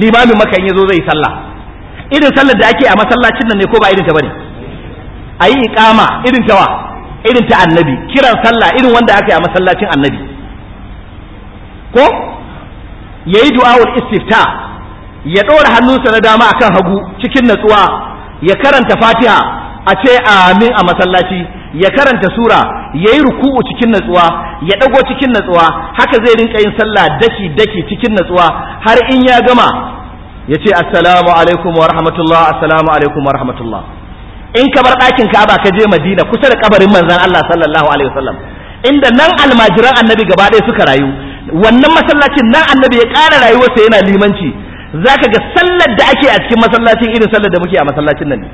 limamin maka in yazo zai sallah irin sallar da ake a masallacin nan ne ko ba irin ta bane ayi iqama irin ta wa irin ta annabi kiran sallah irin wanda aka yi a masallacin annabi ko yayi du'a ul istifta ya ɗora hannunsa na dama akan hagu cikin natsuwa ya karanta fatiha a ce amin a masallaci ya karanta sura ya yi ruku'u cikin natsuwa ya ɗago cikin natsuwa haka zai rinka yin sallah daki daki cikin natsuwa har in ya gama ya ce assalamu alaikum wa rahmatullah assalamu alaikum wa rahmatullah in ka bar ɗakin ka'aba ka je madina kusa da kabarin manzan Allah sallallahu alaihi wasallam inda nan almajiran annabi gaba ɗaya suka rayu wannan masallacin nan annabi ya ƙara rayuwarsa yana limanci Za ka ga sallar da ake a cikin masallacin irin sallar da muke a masallacin nan ne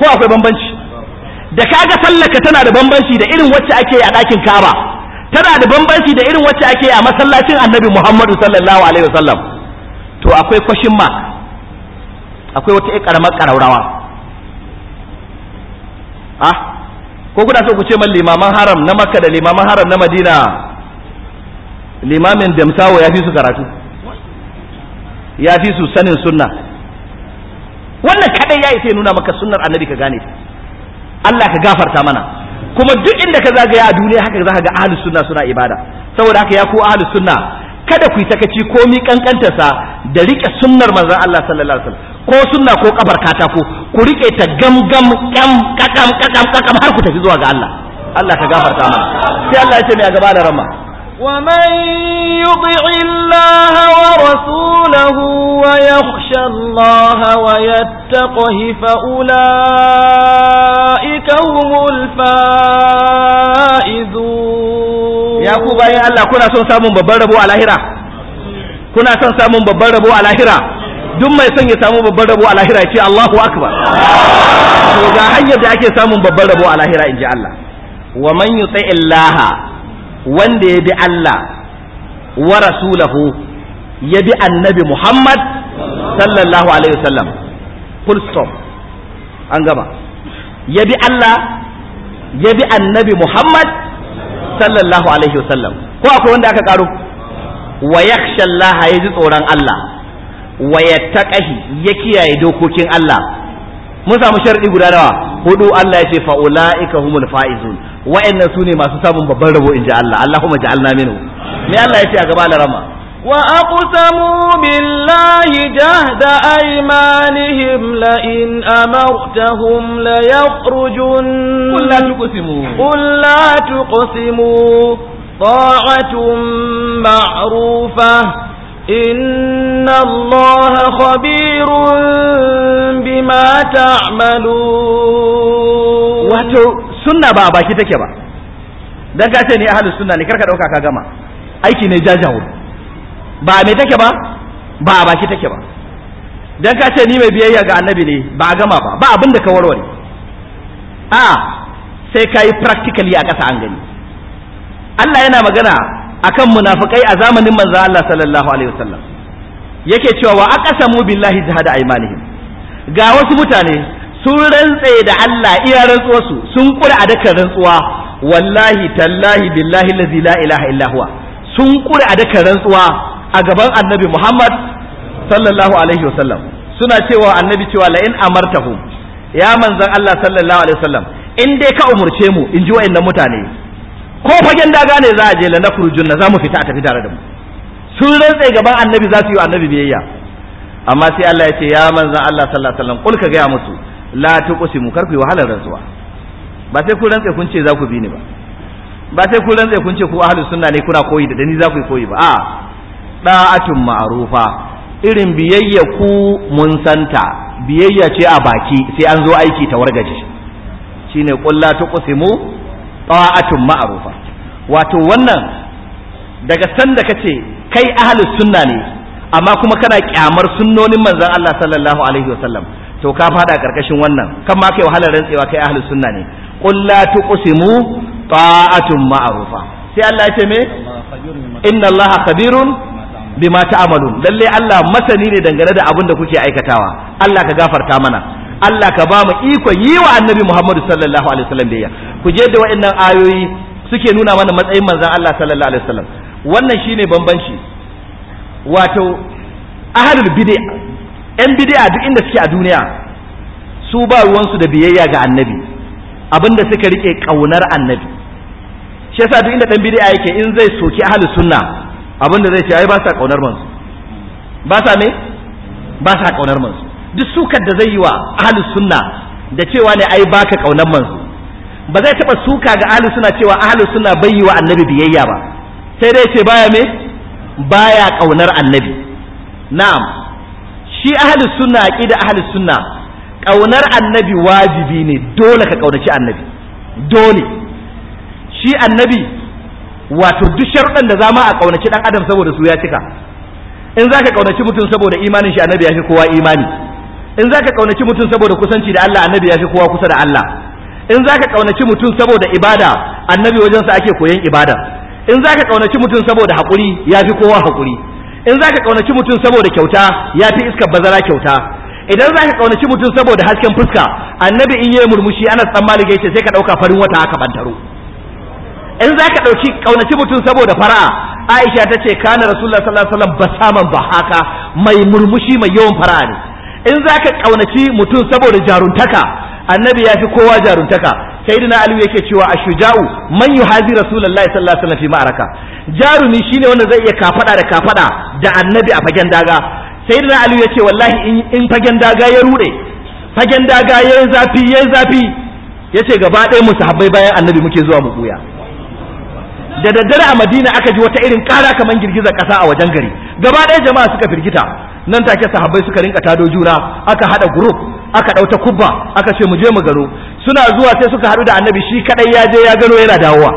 ko akwai bambanci da kaga sallar ka tana da bambanci da irin wacce ake a ɗakin Ka'aba tana da bambanci da irin wacce ake a masallacin Annabi Muhammadu sallallahu alaihi wasallam to akwai kwashin ma akwai wata karamar ƙaraurawa ah ko kuna so ku ce man limaman haram na makka da limaman haram na madina limamin damsawo ya fi su karatu ya fi su sanin sunna wannan kadai ya isa nuna maka sunnar annabi ka gane ta Allah ka gafarta mana kuma duk inda ka zagaya a duniya haka za ka ga ahlus sunna suna ibada saboda haka ya ku ahlus sunna kada ku yi ko komi kankanta sa da rike sunnar manzon Allah sallallahu alaihi wasallam ko sunna ko kabar katako ku rike ta gam gam kam kakam kakam kakam har ku tafi zuwa ga Allah Allah ka gafarta mana sai Allah ya ce mai gaba da rama ومن يطع الله ورسوله ويخشى الله ويتقه فأولئك هم الفائزون يا كوبا يا الله كنا son samun babban rabo a lahira kuna son samun babban rabo a lahira duk mai son ya samu rabo a lahira ce Allahu akbar to ga hanyar da ake samun babban rabo a lahira inji Allah wa man wanda ya bi Allah wa rasulahu ya bi annabi Muhammad sallallahu alaihi wasallam full stop an gama ya bi Allah ya bi annabi Muhammad sallallahu alaihi wasallam ko akwai wanda aka karo wa yakhsha Allah ya ji tsoron Allah wa yattaqahi ya kiyaye dokokin Allah mun samu sharɗi guda nawa hudu Allah ya ce fa ulaika humul faizun wa'annan su ne masu samun babban rabo in ji Allah Allahumma ja'alna minhu me Allah yace a gaba larama wa aqsamu billahi jahda aymanihim la in amartahum la yakhrujun qul la tuqsimu qul la tuqsimu ta'atun ma'rufa إن الله خبير بما تعملون sunna ba a baki take ba dan ka ce ni ahlus sunna ne karka dauka ka gama aiki ne jajawur ba me take ba ba a baki take ba dan ka ce ni mai biyayya ga annabi ne ba a gama ba ba abin da ka warware a sai ka yi practically a ƙasa an gani Allah yana magana akan munafikai a zamanin manzo Allah sallallahu alaihi wasallam yake cewa wa aqsamu billahi jahada aymanihim ga wasu mutane sun rantse da Allah iya rantsuwarsu sun kura a dakan rantsuwa wallahi tallahi billahi allazi la ilaha illa huwa sun kura a dakan rantsuwa a gaban annabi Muhammad sallallahu alaihi wasallam suna cewa annabi cewa la in amartahu ya manzon Allah sallallahu alaihi wasallam in dai ka umurce mu in ji wa'annan mutane ko fagen daga ne za a je la na, za mu fita a tafi tare da mu sun rantse gaban annabi za su yi annabi biyayya amma sai Allah ya ce ya manzon Allah sallallahu alaihi wasallam kul ka gaya musu la tuqsimu kar ku yi wahalar rantsuwa ba sai ku rantsa kun ce za ku bi ni ba ba sai ku rantsa kun ce ku ahlus sunna ne kuna koyi da dani za ku yi koyi ba a da'atun ma'rufa irin biyayya ku mun santa biyayya ce a baki sai an zo aiki ta wargaje shine qul la tuqsimu da'atun ma'rufa wato wannan daga sanda kace kai ahlus sunna ne amma kuma kana kyamar sunnonin manzon Allah sallallahu alaihi wasallam to ka fada karkashin wannan kan ma kai wahalar rantsewa kai ahlus sunna ne qul la tuqsimu ta'atun ma'rufa sai Allah ya ce me inna Allah khabirun bima ta'malun lalle Allah masani ne dangane da abin da kuke aikatawa Allah ka gafarta mana Allah ka ba mu iko yi wa annabi Muhammad sallallahu alaihi wasallam biyayya ku je da wa'annan ayoyi suke nuna mana matsayin manzon Allah sallallahu alaihi wasallam wannan shine bambanci wato ahlul bid'ah yan bid'a duk inda suke a duniya su ba ruwansu da biyayya ga annabi abinda suka rike kaunar annabi shi yasa duk inda dan bid'a yake in zai soki ahli sunna abinda zai ce ai ba sa kaunar mansu ba sa me ba sa kaunar mansu duk sukar da zai yi wa ahli sunna da cewa ne ai baka kaunar mansu ba zai taba suka ga ahli sunna cewa ahli sunna bai yi wa annabi biyayya ba sai dai ce baya me baya kaunar annabi na'am shi ahli sunna aqida ahli sunna kaunar annabi wajibi ne dole ka kaunaci annabi dole shi annabi wato duk sharuɗan da zama a kaunaci dan adam saboda su ya cika in zaka kaunaci mutum saboda imanin shi annabi ya fi kowa imani in zaka kaunaci mutum saboda kusanci da Allah annabi ya fi kowa kusa da Allah in zaka kaunaci mutum saboda ibada annabi wajensa ake koyon ibada in zaka kaunaci mutum saboda haƙuri ya fi kowa haƙuri in za ka ƙaunaci mutum saboda kyauta ya fi iskar bazara kyauta idan za ka ƙaunaci mutum saboda hasken fuska annabi in yi murmushi ana tsammali ga sai ka ɗauka farin wata aka bantaro in za ka ɗauki ƙaunaci mutum saboda fara'a aisha ta ce kana rasulullah sallallahu alaihi wasallam basaman haka, mai murmushi mai yawan fara'a ne in za ka ƙaunaci mutum saboda jaruntaka annabi ya fi kowa jaruntaka sayyidina ali yake cewa ashuja'u man yuhazi rasulullahi sallallahu alaihi wasallam fi ma'araka jarumi shine wanda zai iya kafada da kafada da annabi a fagen daga sayyidina ali yace wallahi in fagen daga ya rude fagen daga ya zafi ya zafi yace gaba ɗaya mu sahabbai bayan annabi muke zuwa mu buya da daddare a madina aka ji wata irin kara kamar girgizar kasa a wajen gari gaba ɗaya jama'a suka firgita nan take sahabbai suka rinka tado juna aka hada group aka dauta kubba aka ce mu je mu gano suna zuwa sai suka hadu da annabi shi kadai ya je ya gano yana dawowa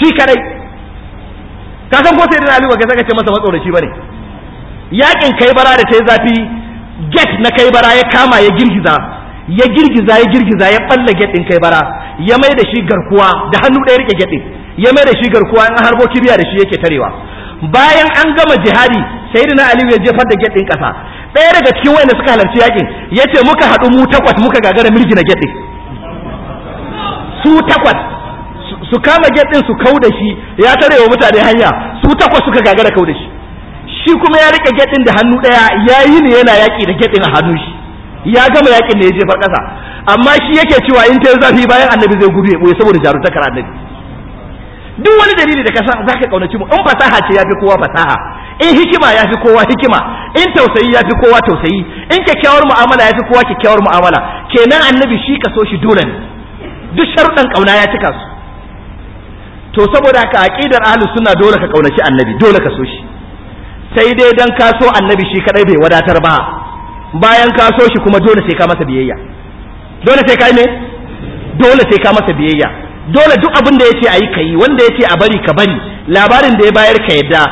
shi kadai ka san ko sai da Ali baka ce masa matsoraci bane yakin kai bara da tayi zafi get na kai bara ya kama ya girgiza ya girgiza ya girgiza ya balla get din kai bara ya mai da shi garkuwa da hannu ɗaya rike get din ya mai da shi garkuwa in harbo kibiya da shi yake tarewa bayan an gama jihadi sayyidina aliyu ya jefar da gedin kasa ɗaya daga cikin wayanda suka halarci yakin yace muka haɗu mu takwas muka gagara na gedin su takwas su kama gedin su kau da shi ya tare mutane hanya su takwas suka gagara kau da shi shi kuma ya rike gedin da hannu daya yayi ne yana yaki da gedin a hannu shi ya gama yakin da ya jefar kasa amma shi yake cewa in ta zafi bayan annabi zai gudu ya boye saboda jarumtakar annabi duk wani dalili da kasa za ka kaunaci mu in fasaha ce ya fi kowa fasaha in hikima ya fi kowa hikima in tausayi ya fi kowa tausayi in kyakkyawar mu'amala ya fi kowa kyakkyawar mu'amala kenan annabi shi ka so shi dole ne duk sharuɗan kauna ya cika su to saboda ka aqidar ahlus sunna dole ka kaunaci annabi dole ka so shi sai dai dan ka so annabi shi kadai bai wadatar ba bayan ka so shi kuma dole sai ka masa biyayya dole sai ka ne dole sai ka masa biyayya dole duk abin da yi ayi yi wanda ya ce a bari ka bari labarin da ya bayar ka yadda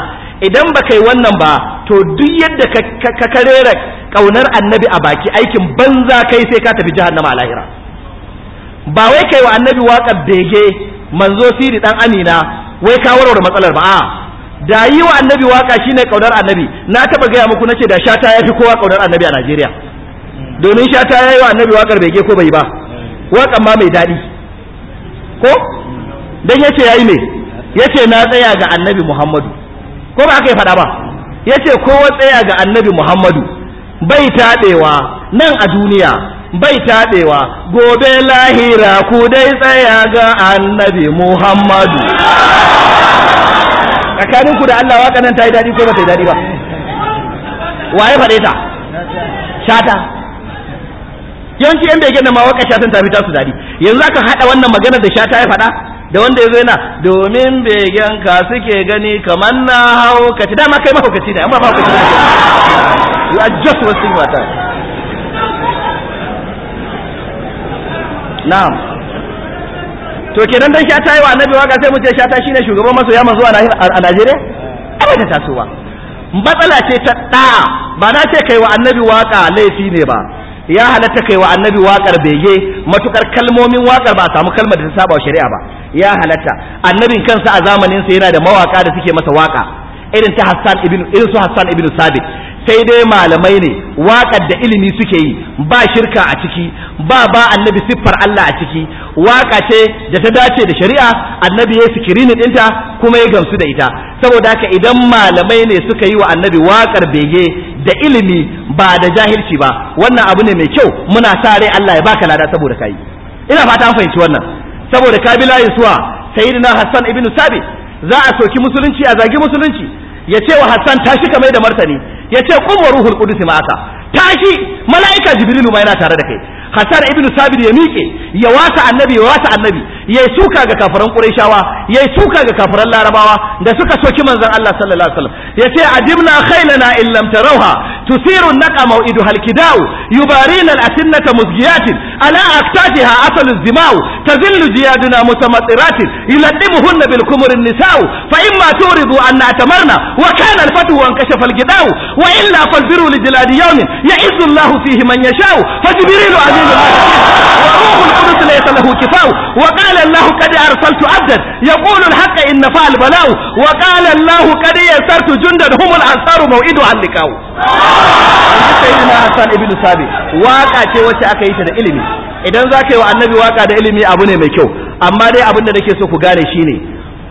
idan ba yi wannan ba to duk yadda ka karera kaunar annabi a baki aikin banza kai sai ka tafi jahannama a lahira ba wai kai wa annabi waƙar bege manzo siri dan amina wai ka warware matsalar ba a da yi wa annabi waka shine kaunar annabi na taba gaya muku nace da shata yafi kowa kaunar annabi a Najeriya domin shata yayi wa annabi wakar bege ko bai ba wakan ma mai daɗi. ko dan yace yayi me yace na tsaya ga annabi Muhammadu ko ba aka yi faɗa ba yace kowa tsaya ga annabi Muhammadu bai taɗewa nan a duniya bai taɗewa gobe lahira ku dai tsaya ga annabi Muhammadu ku da Allah waka nan ta yi daɗi ko ba ta yi daɗi ba waye faɗe ta shata yawanci yan begen ma waka shatan tafi tasu dadi yanzu aka hada wannan magana da shata ya faɗa da wanda ya yana domin begen ka suke gani kamar na haukaci dama kai mahaukaci ne amma ba haukaci ne you are just wasting your time na'am to kenan dan shata yi wa annabi waka sai mu ce shata shine shugaban masoya mazo a Najeriya ta tasowa matsala ce ta da ba na ce kai wa annabi waka laifi ne ba ya halatta kai wa annabi waƙar bege matukar kalmomin waƙar ba a samu kalmar da ta saba shari'a ba ya halatta annabin kansa a zamanin sa yana da mawaƙa da suke masa waka irin ta Hassan ibn irin su Hassan ibn Sabit sai dai malamai ne waƙar da ilimi suke yi ba shirka a ciki ba ba annabi siffar Allah a ciki waƙa ce da ta dace da shari'a annabi ya ne ɗinta kuma ya gamsu da ita saboda haka idan malamai ne suka yi wa annabi waƙar bege da ilimi ba da jahilci ba wannan abu ne mai kyau muna sa rai Allah ya baka lada saboda kai ina fata an fahimci wannan saboda kabila yasuwa sayyidina Hassan ibnu Sabit za a soki musulunci a zagi musulunci ya ce wa Hassan tashi kamar da martani yace ce wa ruhul qudus maka tashi malaika jibrilu ma yana tare da kai hasar ibnu sabir ya miƙe ya wasa annabi ya wasa annabi Yai suka ga kafiran qurayshawa yai suka ga kafiran larabawa da suka soki manzan Allah sallallahu alaihi wasallam yace adibna khailana in lam tarawha tusiru naqa maw'idu halkidau yubarina al-asinnata muzgiyatin ala aktatiha asalu zimau tazillu jiyaduna mutamattiratin yuladimuhunna bil kumurin nisau fa imma turidu an natamarna wa kana al-fatu wa kashafa al-gidau wa illa falbiru li jiladi yawmin ya'izzu Allah fihi man yashau fa jibrilu azizul wa ruhul qudus laysa lahu kifau wa qala وقال الله قد أرسلت عبدا يقول الحق إن فعل بلاو وقال الله قد يسرت جندا هم الأنصار موعد عن لقاو سيدنا حسن ابن ثابت واقع ce wacce aka yi ta da ilimi idan za ka yi wa annabi waka da ilimi abu ne mai kyau amma dai abin da nake so ku gane shine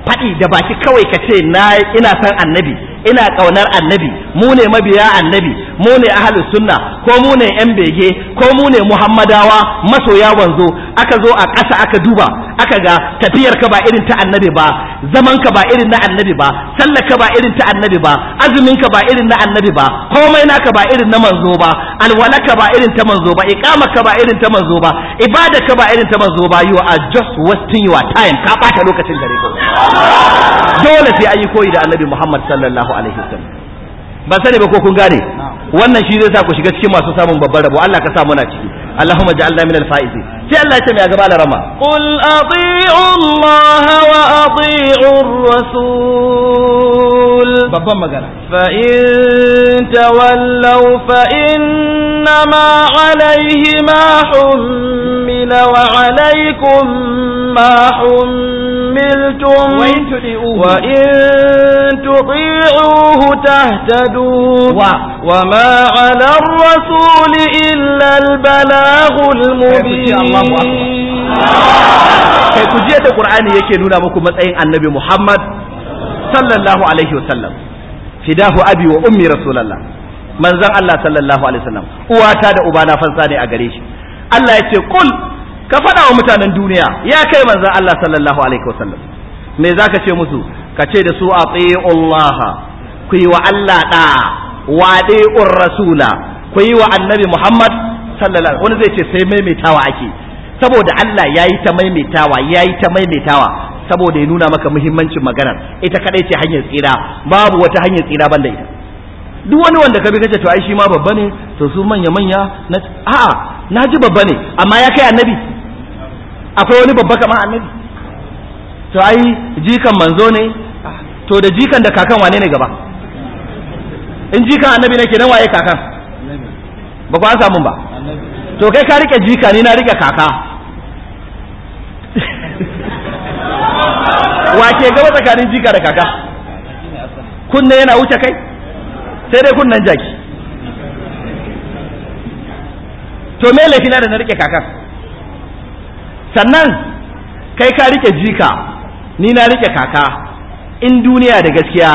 faɗi da baki kawai ka ce na ina san annabi ina kaunar annabi mu ne mabiya annabi mu ne ahlus sunna ko mu ne yan bege ko mu ne muhammadawa masoya wanzo aka zo a ƙasa aka duba aka ga tafiyar ka ba irin ta annabi ba zaman ka ba irin na annabi ba sallar ka ba irin ta annabi ba azumin ka ba irin na annabi ba komai naka ba irin na manzo ba alwala ka ba irin ta manzo ba iqama ka ba irin ta manzo ba ibada ka ba irin ta manzo ba you are just wasting your time ka bata lokacin gare ka dole sai ayi koyi da annabi Muhammad sallallahu sallallahu alaihi wasallam ba sani ba ko kun gane wannan shi zai sa ku shiga cikin masu samun babban rabo Allah ka sa muna ciki Allahumma ja'alna min al-faizi sai Allah ya ce mai gaba da rama qul ati'u Allah wa rasul babban magana fa in tawallaw fa inna حملتم وإن تطيعوه, وإن تطيعوه تهتدوا وما على الرسول إلا البلاغ المبين الله kai ku je da Qur'ani yake nuna muku matsayin Annabi Muhammad sallallahu alaihi wasallam fidahu abi wa ummi rasulullah manzon Allah sallallahu alaihi wasallam uwata da ubana fansa ne a gare shi Allah ya ce kul ka faɗa wa mutanen duniya ya kai manzon Allah sallallahu alaihi wasallam me zaka ce musu ka ce da su Allah ku yi wa Allah da'a wa ur rasula ku yi wa annabi Muhammad sallallahu alaihi wani zai ce sai maimaitawa ake saboda Allah yayi ta maimaitawa yayi ta maimaitawa saboda ya nuna maka muhimmancin maganar ita kadai ce hanyar tsira babu wata hanyar tsira banda ita duk wani wanda ka bi kace to ai shi ma babba ne to su manya manya na a'a naji babba ne amma ya kai annabi akwai wani babba kamar annabi to ai jikan manzo ne to da jikan da kakan wane ne gaba in jikan annabi ne kenan waye kakan ba ku an samu ba to kai ka rike jika ni na rike kaka wa ke gaba tsakanin jika da kaka kunne yana wuce kai sai dai kunnen jaki to me na da na rike kakan sannan kai ka rike jika ni na rike kaka in duniya da gaskiya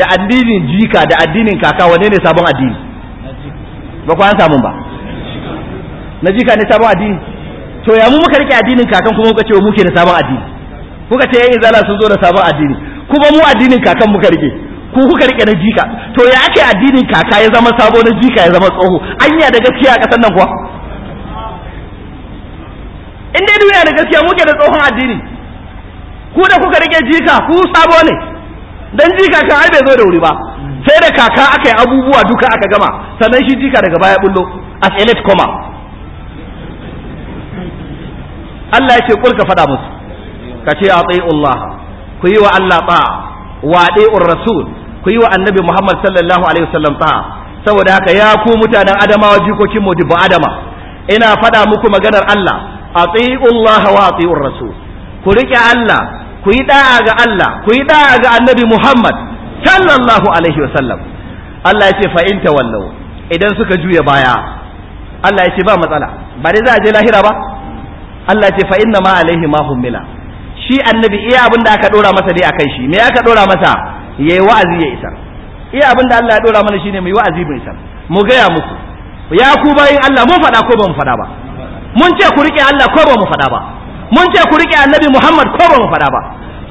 da addinin jika da addinin kaka wanne ne sabon addini ba ku an ba na jika ne sabon addini to ya mu muka rike addinin kakan kuma muka ce muke da sabon addini kuka ce yayin zala sun zo da sabon addini kuma mu addinin kakan muka rike ku kuka rike na jika to ya ake addinin kaka ya zama sabo na jika ya zama tsoho anya da gaskiya a kasan nan kuwa in dai duniya da gaskiya muke da tsohon addini ku da kuka rike jika ku sabo ne dan jika kan ai bai zo da wuri ba sai da kaka aka yi abubuwa duka aka gama sannan shi jika daga baya bullo as a late Allah ya ce kul ka faɗa musu ka ce Allah ku yi wa Allah ta wa rasul ku yi wa annabi Muhammad sallallahu alaihi wasallam ta saboda haka ya ku mutanen adamawa jikokin mu adama ina faɗa muku maganar Allah ati'u Allah wa ati'ur rasul ku rike Allah ku yi da'a ga Allah ku yi da'a ga Annabi Muhammad sallallahu alaihi wa sallam Allah ya ce fa in tawallu idan suka juya baya Allah ya ce ba matsala ba za a je lahira ba Allah ya ce fa inna ma alaihi ma humila shi annabi iya abinda aka dora masa dai akan shi me aka dora masa yayi wa'azi ya isa iya abinda Allah ya dora mana shine mu yi wa'azi mu isar mu gaya muku ya ku bayin Allah mun faɗa ko ba mu faɗa ba mun ce ku rike Allah ko ba mu faɗa ba mun ce ku rike annabi Muhammad ko ba mu faɗa ba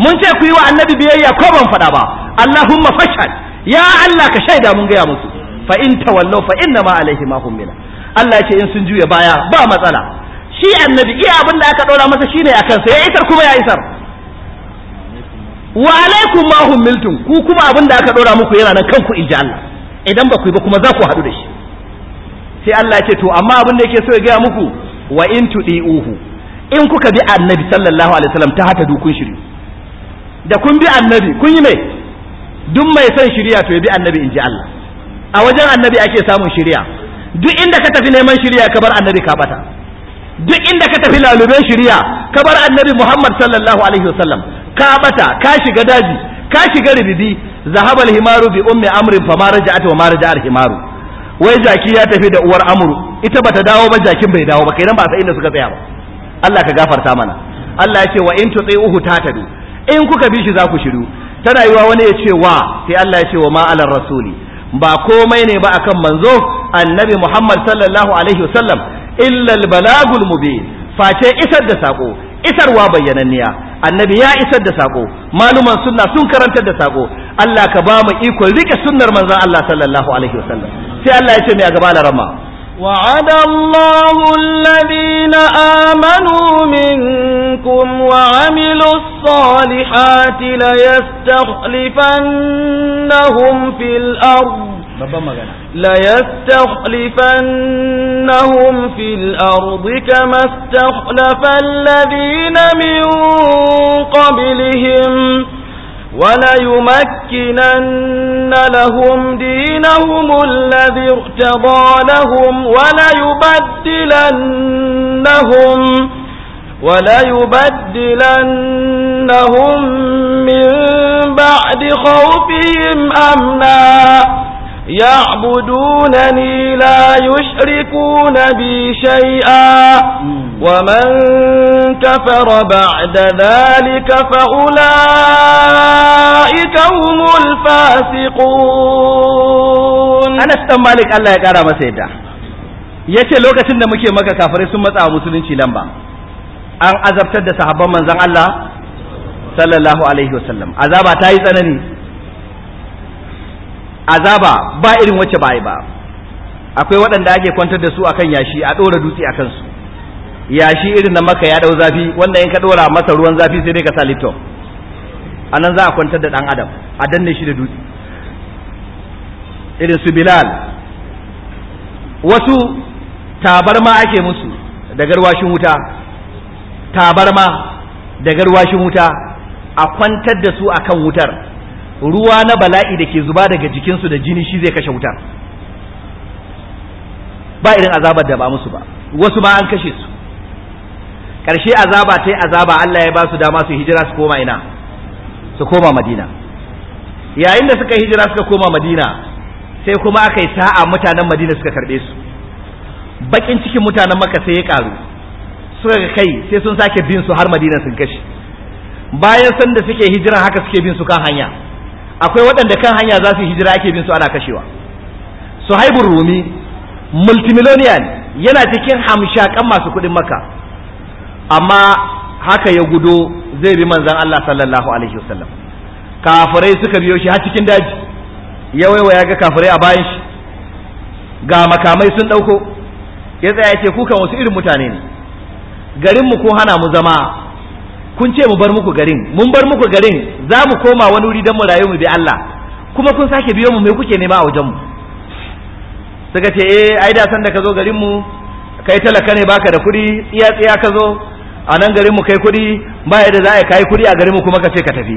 mun ce ku yi wa annabi biyayya ko ba mu faɗa ba Allahumma fashal ya Allah ka shaida mun gaya musu fa in tawallaw fa inna ma alaihi ma hum Allah ya ce in sun juya baya ba matsala shi annabi iya abin da aka ɗora masa shine akan sa ya isar kuma ya isar wa alaikum ma hum miltum ku kuma abin da aka ɗora muku yana nan kanku inji Allah idan ba ku yi ba kuma za ku haɗu da shi sai Allah ya ce to amma abin da yake so ya gaya muku wa in tudi'uhu in kuka bi annabi sallallahu alaihi wasallam ta haka dukun shiri da kun bi annabi kun yi mai duk mai son shiriya to ya bi annabi in ji Allah a wajen annabi ake samun shiriya duk inda ka tafi neman shiriya ka bar annabi ka bata duk inda ka tafi laluben shiriya ka bar annabi Muhammad sallallahu alaihi wasallam ka bata ka shiga daji ka shiga ribibi zahabal himaru bi ummi amrin fa ma wa ma himaru wai jaki ya tafi da uwar amuru ita bata dawo ba jakin bai dawo ba kenan ba sai inda suka tsaya ba Allah ka gafarta mana Allah ya ce wa in ta tatadu in kuka bi shi za ku shiru tana yiwa wani ya ce wa sai Allah ya ce wa ma alar rasuli ba komai ne ba akan manzo annabi Muhammad sallallahu alaihi wasallam illa al balagul mubin face isar da sako isarwa bayyananniya annabi ya isar da sako maluman sunna sun karantar da sako Allah ka ba mu ikon rike sunnar manzon Allah sallallahu alaihi wasallam sai Allah ya ce mai a gaba da rama وعد الله الذين آمنوا منكم وعملوا الصالحات ليستخلفنهم في الأرض ليستخلفنهم في الأرض كما استخلف الذين من قبلهم وليمكنن لهم دينهم الذي ارتضى لهم وليبدلنهم وليبدلنهم من بعد خوفهم أمنا يعبدونني لا يشركون بي شيئا ومن كفر بعد ذلك فأولئك هم الفاسقون أنا استمالك الله يقرأ مسيدا yace lokacin da muke maka kafirai sun matsa musulunci lamba an azabtar da sahabban manzon Allah sallallahu alaihi wasallam azaba ta yi tsanani azaba ba irin wacce ba ba akwai waɗanda ake kwantar da su akan yashi a ɗora dutse akan su yashi irin na maka ya ɗau zafi wanda in ka ɗora masa ruwan zafi sai dai ka sa litton a nan za a kwantar da ɗan adam a danne shi da dutse irin su bilal wasu tabarma ake musu da garwashin wuta tabarma da garwashin wuta a kwantar da su akan wutar ruwa na bala'i da ke zuba daga jikinsu da jini shi zai kashe wuta. ba irin azabar da ba musu ba wasu ma an kashe su ƙarshe azaba ta azaba Allah ya ba su dama su hijira su koma ina su koma madina yayin da suka hijira suka koma madina sai kuma aka yi sa'a mutanen madina suka karɓe su bakin cikin mutanen maka sai ya ƙaru suka ga kai sai sun sake bin su har madina sun kashe bayan sanda suke hijira haka suke bin su kan hanya akwai waɗanda kan hanya za su hijira ake bin su ana kashewa suhaibur rumi multimillionaire yana cikin hamshakan masu kuɗin maka amma haka ya gudo zai bi manzan Allah sallallahu alaihi wasallam kafirai suka biyo shi har cikin daji ya ya ga kafirai a bayan shi ga makamai sun ɗauko ya tsaya ce kukan wasu irin mutane ne garinmu ko hana mu zama kun ce mu bar muku garin mun bar muku garin za mu koma wani wuri don mu rayu mu bi Allah kuma kun sake biyo mu me kuke nema a wajen mu suka ce eh ai da san da ka zo garin mu kai talaka ne baka da kuɗi tsiya tsiya ka zo a nan garin mu kai kuɗi ba yadda za a kai kuɗi a garin mu kuma ka ce ka tafi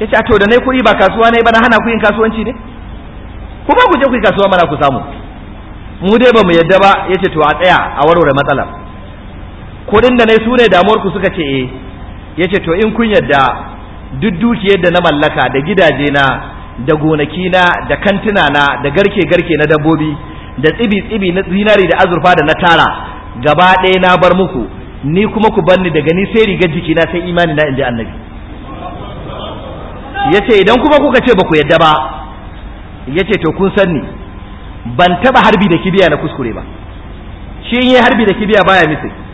ya a to da nai kuɗi ba kasuwa ne ba na hana ku yin kasuwanci ne kuma ku je ku yi kasuwa mana ku samu mu dai ba mu yadda ba yace to a tsaya a warware matsalar kuɗin da nai su ne damuwar ku suka ce eh yace to in kun yadda duk dukiyar da na mallaka da gidaje na da gonaki na da kantuna na da garke garke na dabbobi da tsibi tsibi na zinari da azurfa da na tara gaba ɗaya na bar muku ni kuma ku banni daga ni sai rigar jiki na sai imani na inji annabi yace idan kuma kuka ce ba ku yadda ba yace to kun san ni ban taba harbi da kibiya na kuskure ba shi in yi harbi da kibiya baya misali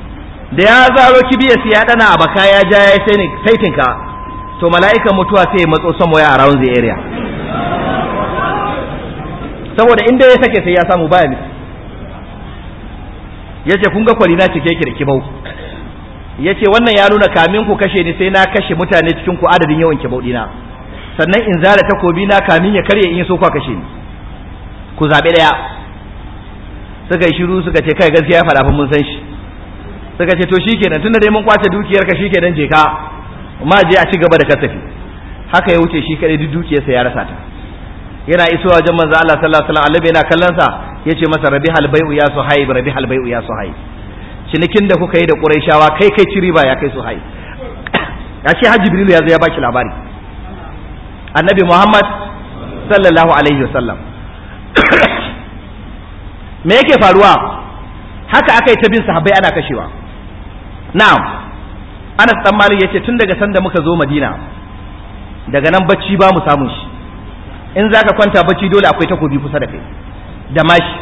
da ya zaro kibiya sai ya dana a baka ya ja ya saitin ka to mala'ikan mutuwa sai ya matso samo ya around the area saboda inda ya sake sai ya samu baya ne yace kun ga na cike yake da kibau yace wannan ya nuna kamin ku kashe ni sai na kashe mutane cikin ku adadin yawan kibau dina sannan in zara takobi na kamin ya karye in so ku kashe ni ku zabe daya suka yi shiru suka ce kai gaskiya fada fa mun san shi suka ce to shikenan tunda dai mun kwace dukiyar ka shikenan je ka ma je a ci gaba da kasafi haka ya wuce shi kadai duk dukiyarsa ya rasa ta yana iso wajen manzo Allah sallallahu alaihi wasallam yana kallon sa yace masa rabi halbai'u ya suhaib rabi halbai'u ya suhaib cinikin da kuka yi da quraishawa kai kai ci riba ya kai suhaib ce har jibril ya zo ya baki labari annabi muhammad sallallahu alaihi wasallam me yake faruwa haka aka yi ta bin sahabbai ana kashewa na'am Anas dan Malik yace tun daga sanda muka zo Madina daga nan bacci ba mu samun shi in zaka kwanta bacci dole akwai takobi kusa da kai da mashi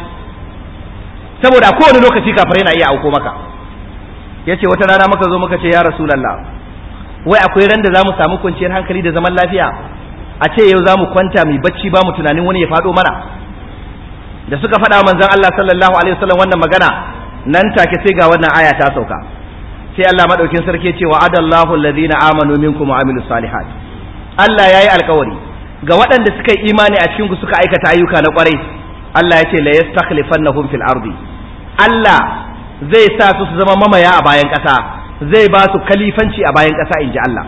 saboda kowane lokaci kafare na iya auko maka yace wata rana muka zo muka ce ya rasulullah wai akwai ran da zamu samu kwanciyar hankali da zaman lafiya a ce yau zamu kwanta mai bacci ba mu tunanin wani ya fado mana da suka faɗa manzon Allah sallallahu alaihi wasallam wannan magana nan take sai ga wannan aya ta sauka sai Allah madaukin sarki ce wa adallahu alladhina amanu minkum wa salihai. salihat Allah yayi alkawari ga waɗanda suka yi imani a cikin ku suka aikata ayyuka na kwarai Allah ya ce la yastakhlifannahum fil ardi Allah zai sa su su zama mamaya a bayan ƙasa zai ba su kalifanci a bayan ƙasa inji Allah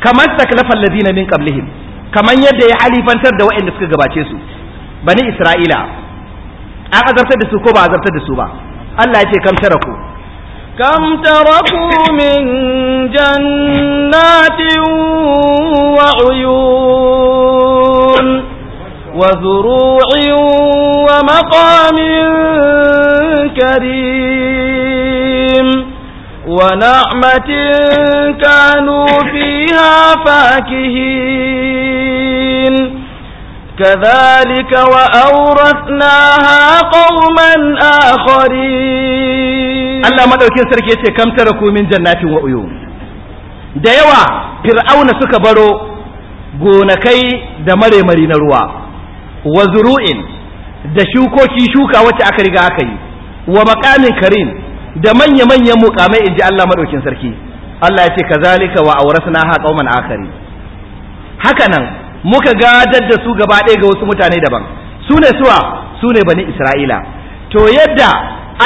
kamar taklafal ladina min qablihim kamar yadda ya halifantar da waɗanda suka gabace su bani Isra'ila an azartar da su ko ba azartar da su ba Allah ya ce kam taraku كم تركوا من جنات وعيون وزروع ومقام كريم ونعمة كانوا فيها فاكهين كذلك وأورثناها قوما آخرين الله ما دوكين سركي كم تركوا من جنات وعيون da yawa fir'auna suka baro gonakai da maremari na ruwa wa zuru'in da shukoki shuka wacce aka riga aka yi wa makamin karim da manya-manyan mukamai in ji Allah maɗaukin sarki Allah ya ce kazalika wa aurasna ha qauman akhari haka nan muka gadar da su gaba ɗaya ga wasu mutane daban su ne suwa su ne bani isra'ila to yadda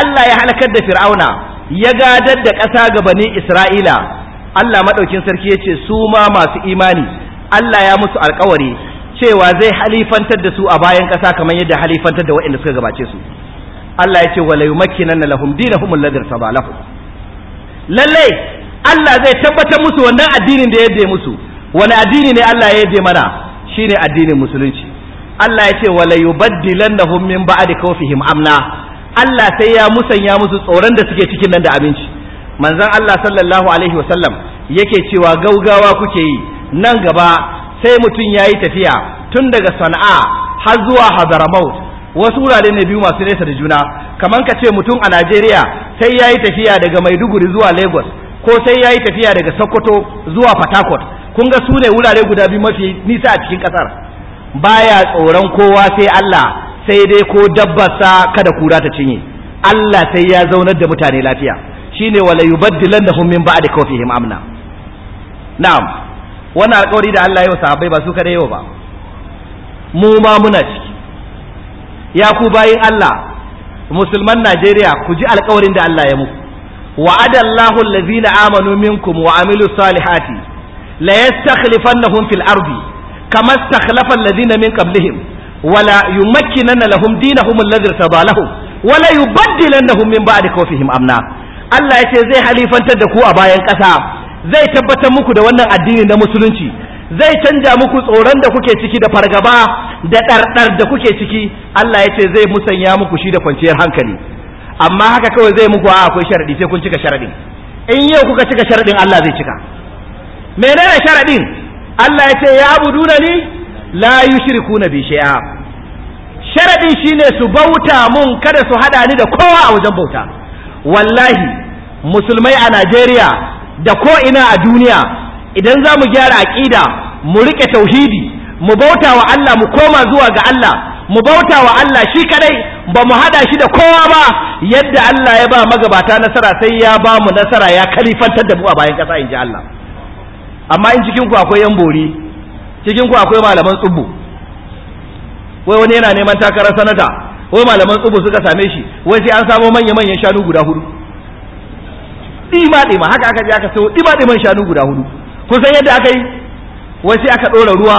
Allah ya halakar da fir'auna ya gadar da ƙasa ga bani isra'ila Allah maɗaukin sarki ya ce su ma masu imani Allah ya musu alkawari cewa zai halifantar da su a bayan ƙasa kamar yadda halifantar da waɗanda suka gabace su Allah ya ce wala yumakkinanna lahum dinahum alladhi tabalahu lalle Allah zai tabbatar musu wannan addinin da ya musu wani addini ne Allah ya yabe mana shine addinin musulunci Allah ya ce wala yubaddilannahum min ba'di khawfihim amna Allah sai ya musanya musu tsoron da suke cikin nan da aminci manzon Allah sallallahu alaihi wasallam yake cewa gaugawa kuke yi nan gaba sai mutum yayi tafiya tun daga Sana'a har zuwa Hadramaut wasu wurare ne biyu masu nesa da juna kamar ka ce mutum a Najeriya sai yayi tafiya daga Maiduguri zuwa Lagos ko sai yayi tafiya daga Sokoto zuwa Port kun ga su ne wurare guda biyu mafi nisa a cikin kasar baya tsoron kowa sai Allah sai dai ko dabbarsa kada kura ta cinye Allah sai ya zaunar da mutane lafiya shine wala da hum min ba'di kawfihim amna na'am wannan alƙawari da Allah ya yi sahabbai ba su kada yau ba mu ma muna ciki ya ku bayin Allah musulman Najeriya ku ji alƙawarin da Allah ya muku wa'adallahu allazina amanu minkum wa amilus salihati la yastakhlifannahum fil ardi kama istakhlafa alladhina min qablihim wala yumakkinanna lahum dinahum alladhi tadalahum wala yubaddilannahum min ba'di khawfihim amna Allah yace zai halifantar da ku a bayan ƙasa zai tabbatar muku da wannan addini na musulunci zai canja muku tsoron da kuke ciki da fargaba da ɗarɗar da kuke ciki Allah ya ce zai musanya muku shi da kwanciyar hankali amma haka kawai zai muku a akwai sharaɗi sai kun cika sharaɗin in yau kuka cika sharaɗin Allah zai cika menene sharadin Allah ya ce ya abuduna ni la na bi shay'a sharadin shine su bauta mun kada su hada ni da kowa a wajen bauta wallahi musulmai a Najeriya da ko ina a duniya idan za mu gyara aqida mu rike tauhidi mu bauta wa Allah mu koma zuwa ga Allah mu bauta wa Allah shi kadai ba mu hada shi da kowa ba yadda Allah ya ba magabata nasara sai ya ba mu nasara ya kalifantar da mu a bayan kasa in ji Allah amma in cikin ku akwai yan bori cikin ku akwai malaman tsubu wai wani yana neman takarar sanata wai malaman tsubu suka same shi wai sai an samo manya manyan shanu guda hudu dima dima haka aka je aka sayo dima diman shanu guda hudu kun san yadda aka yi wai sai aka dora ruwa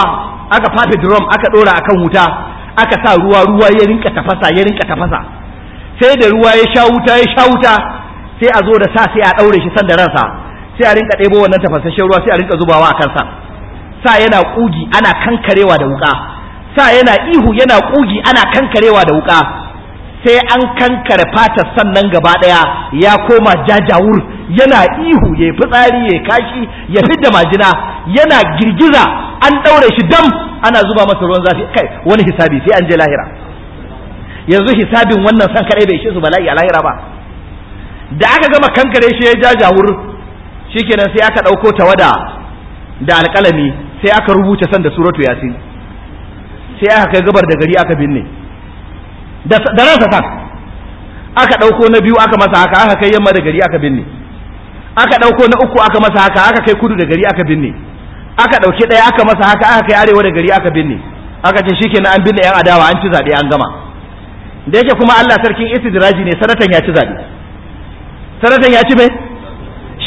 aka fafe drum aka dora akan wuta aka sa ruwa ruwa ya rinka tafasa ya rinka tafasa sai da ruwa ya sha wuta ya sha wuta sai a zo da sa sai a daure shi sanda ransa sai a rinka ɗebo wannan tafasasshen ruwa sai a rinka zubawa a kansa sa yana ƙugi ana kankarewa da wuƙa sa yana ihu yana ƙugi ana kankarewa da wuƙa sai an kankare fatar sannan gaba ɗaya ya koma jajawur yana ihu ya fitsari ya kashi ya fidda majina yana girgiza an ɗaure shi dam ana zuba masa ruwan zafi kai wani hisabi sai an je lahira yanzu hisabin wannan san kaɗai bai shi su bala'i a lahira ba da aka gama kankare shi ya jajawur shikenan sai aka ɗauko tawada da alƙalami sai aka rubuta san da suratu yasin sai aka kai gabar da gari aka binne da ransa san aka ɗauko na biyu aka masa haka aka kai yamma da gari aka binne aka ɗauko na uku aka masa haka aka kai kudu da gari aka binne aka ɗauke ɗaya aka masa haka aka kai arewa da gari aka binne aka ce shikenan an binne yan adawa an ci zaɓe an gama da yake kuma Allah sarkin istidraji ne sanatan ya ci zaɓe sanatan ya ci mai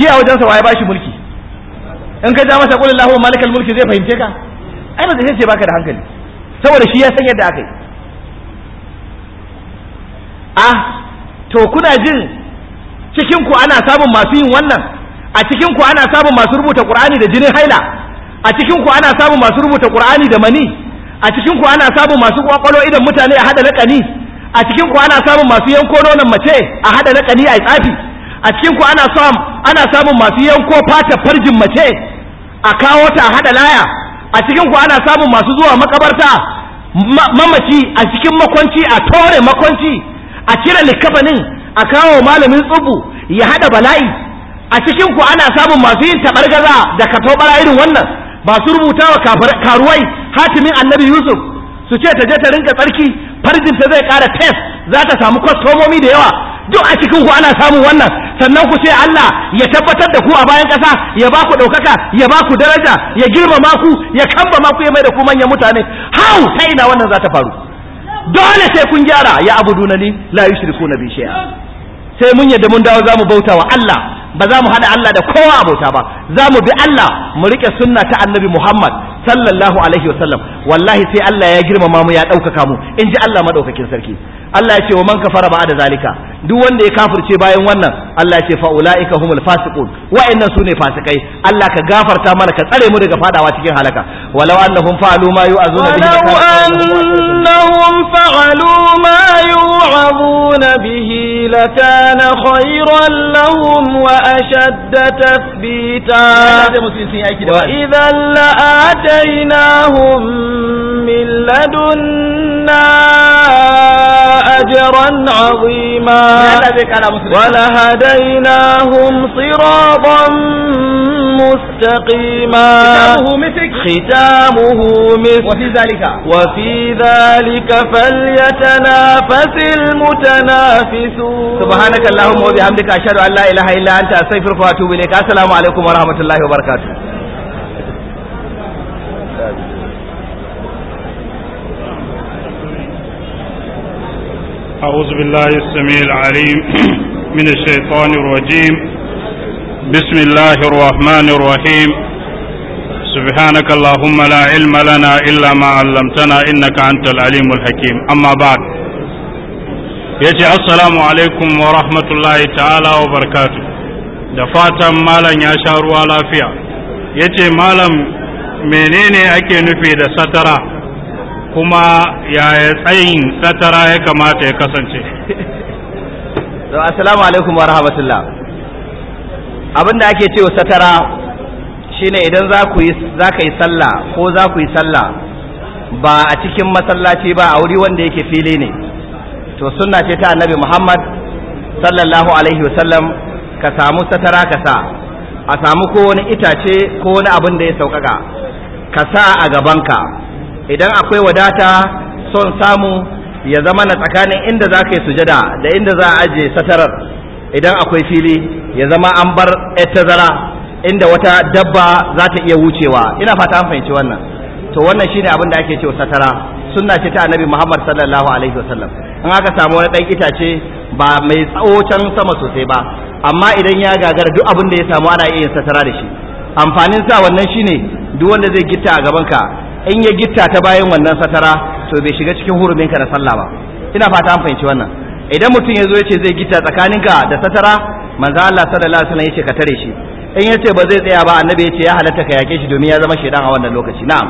shi a wajensa waye bashi mulki in ka ja masa kullu lahu malikal mulki zai fahimce ka ai ba zai ce baka da hankali saboda shi ya san yadda akai ah to kuna jin cikin ku ana samun masu yin wannan a cikin ku ana samun masu rubuta qur'ani da jinin haila a cikin ku ana samun masu rubuta qur'ani da mani a cikin ku ana samun masu kwakwalo idan mutane a hada laƙani a cikin ku ana samun masu yanko nonon mace a hada laƙani a tsafi a cikin ku ana samun ana samun masu yanko fata farjin mace a kawo ta hada laya a cikin ku ana samun masu zuwa makabarta mamaci a cikin makwanci a tore makwanci a cire likafanin a kawo malamin tsubu ya hada bala'i a cikin ku ana samun masu yin tabargaza da katobara irin wannan masu rubuta wa karuwai hatimin annabi yusuf su ce ta je ta rinka tsarki farjin ta zai kara test za ta samu kwastomomi da yawa duk a cikin ku ana samun wannan sannan ku ce Allah ya tabbatar da ku a bayan ƙasa ya ba ku ɗaukaka ya ba ku daraja ya girmama ku ya kamba ma ku ya mai da ku manyan mutane hau ta ina wannan za ta faru dole sai kun gyara ya abu duna ni la yushriku na bishiya sai mun yadda mun dawo zamu bauta wa Allah ba za mu haɗa Allah da kowa a bauta ba za mu bi Allah mu riƙe sunna ta annabi Muhammad sallallahu alaihi wasallam wallahi sai Allah ya girmama mu ya ɗaukaka mu in ji Allah maɗaukakin sarki Allah ya ce wa man kafara ba da zalika duk wanda ya kafirce bayan wannan Allah ya ce fa humul fasiqun wa'annan sune fasikai Allah ka gafarta mana ka tsare mu daga fadawa cikin halaka walau annahum fa'alu ma yu'azuna bihi walau annahum fa'alu ma yu'azuna bihi lakana khayran lahum wa ashadda tathbita wa idhan la'atainahum min ladunna أجرا عظيما ولهديناهم صراطا مستقيما ختامه مسك وفي ذلك وفي ذلك فليتنافس المتنافسون سبحانك اللهم وبحمدك أشهد أن لا إله إلا أنت أستغفرك وأتوب إليك السلام عليكم ورحمة الله وبركاته أعوذ بالله السميع العليم من الشيطان الرجيم بسم الله الرحمن الرحيم سبحانك اللهم لا علم لنا إلا ما علمتنا إنك أنت العليم الحكيم أما بعد يجي السلام عليكم ورحمة الله تعالى وبركاته دفاتا مالا malam ولا sha يجي مالا ya أكي نفيد menene kuma yaya tsayin satara ya kamata ya kasance assalamu alaikum wa rahmatullah da ake cewa satara shine idan za ku yi za sallah ko za ku yi sallah ba a cikin masallaci ba a wuri wanda yake fili ne to sunna ce ta annabi muhammad sallallahu alaihi wasallam ka samu satara ka sa a samu ko wani itace ko wani abin da ya sauƙaƙa ka sa a gabanka idan akwai wadata son samu ya zama na tsakanin inda za ka yi sujada da inda za a aje satarar idan akwai fili ya zama an bar tazara inda wata dabba za ta iya wucewa ina fata an fahimci wannan to wannan shine abin da ake cewa satara sunna ce ta annabi Muhammad sallallahu alaihi wasallam in aka samu wani dan itace ba mai tsawo sama sosai ba amma idan ya gagara duk abin da ya samu ana iya yin satara da shi amfanin sa wannan shine duk wanda zai gitta a gaban ka in ya gitta ta bayan wannan satara to bai shiga cikin hurumin da sallah ba ina fata an fahimci wannan idan mutum ya zo ya ce zai gitta tsakaninka da satara manzo Allah sallallahu alaihi wasallam ya ce ka tare shi in ya ce ba zai tsaya ba annabi ya ce ya halatta ka yake shi domin ya zama shaidan a wannan lokaci na'am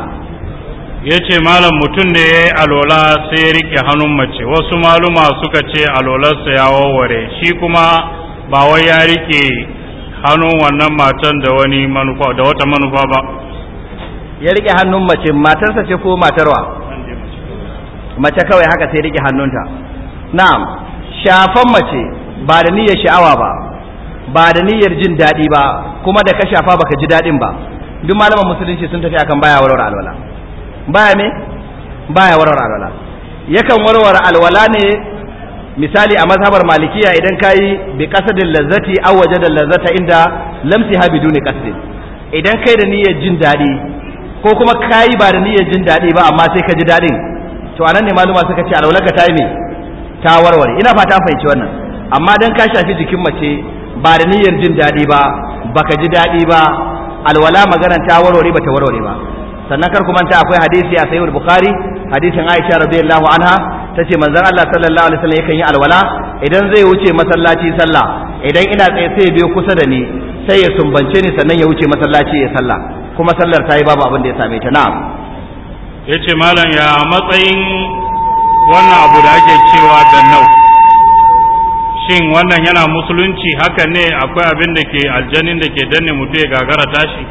ya ce malam mutum ne ya yi alola sai ya rike hannun mace wasu maluma suka ce alolarsa ya warware shi kuma ba wai ya rike hannun wannan matan da wani manufa da wata manufa ba ya rike hannun mace matarsa ce ko matarwa mace kawai haka sai rike hannunta na'am shafan mace ba da niyyar sha'awa ba ba da niyyar jin daɗi ba kuma da ka shafa baka ji daɗin ba duk malaman musulunci sun tafi akan baya warware alwala baya me baya warware alwala yakan warware alwala ne misali a mazhabar malikiya idan kayi bi qasadin lazzati aw wajada lazzata inda lamsiha biduni qasdin idan kai da niyyar jin daɗi ko kuma kayi ba da niyyar jin daɗi ba amma sai ka ji daɗin to anan ne maluma suka ce alwalaka ta yi me ta warware ina fata fa fahimci wannan amma dan ka shafi jikin mace ba da niyyar jin daɗi ba baka ji daɗi ba alwala magana ta warware ba ta warware ba sannan kar ku manta akwai hadisi a sahih bukhari hadisin aisha radiyallahu anha ta ce manzon Allah sallallahu alaihi wasallam yakan yi alwala idan zai wuce masallaci sallah idan ina tsaye sai ya biyo kusa da ni sai ya sumbance ni sannan ya wuce masallaci ya sallah kuma sallar ta yi babu abin da ya same ta na'am yace malam ya matsayin wannan abu da ake cewa da nau shin wannan yana musulunci haka ne akwai abin da ke aljanin da ke danne mutu ya gagara tashi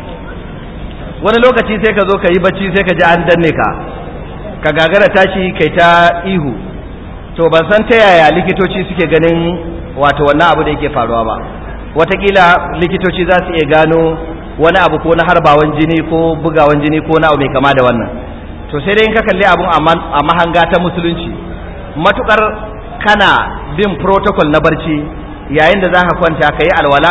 wani lokaci sai ka zo ka yi bacci sai ka ji an danne ka ka gagara tashi kai ta ihu to ban san ta yaya likitoci suke ganin wato wannan abu da yake faruwa ba watakila likitoci za su iya gano wani abu ko na harbawan jini ko bugawan jini ko na abu mai kama da wannan to sai dai in ka kalli abun a mahanga ta musulunci matukar kana bin protocol na barci yayin da za ka kwanta ka yi alwala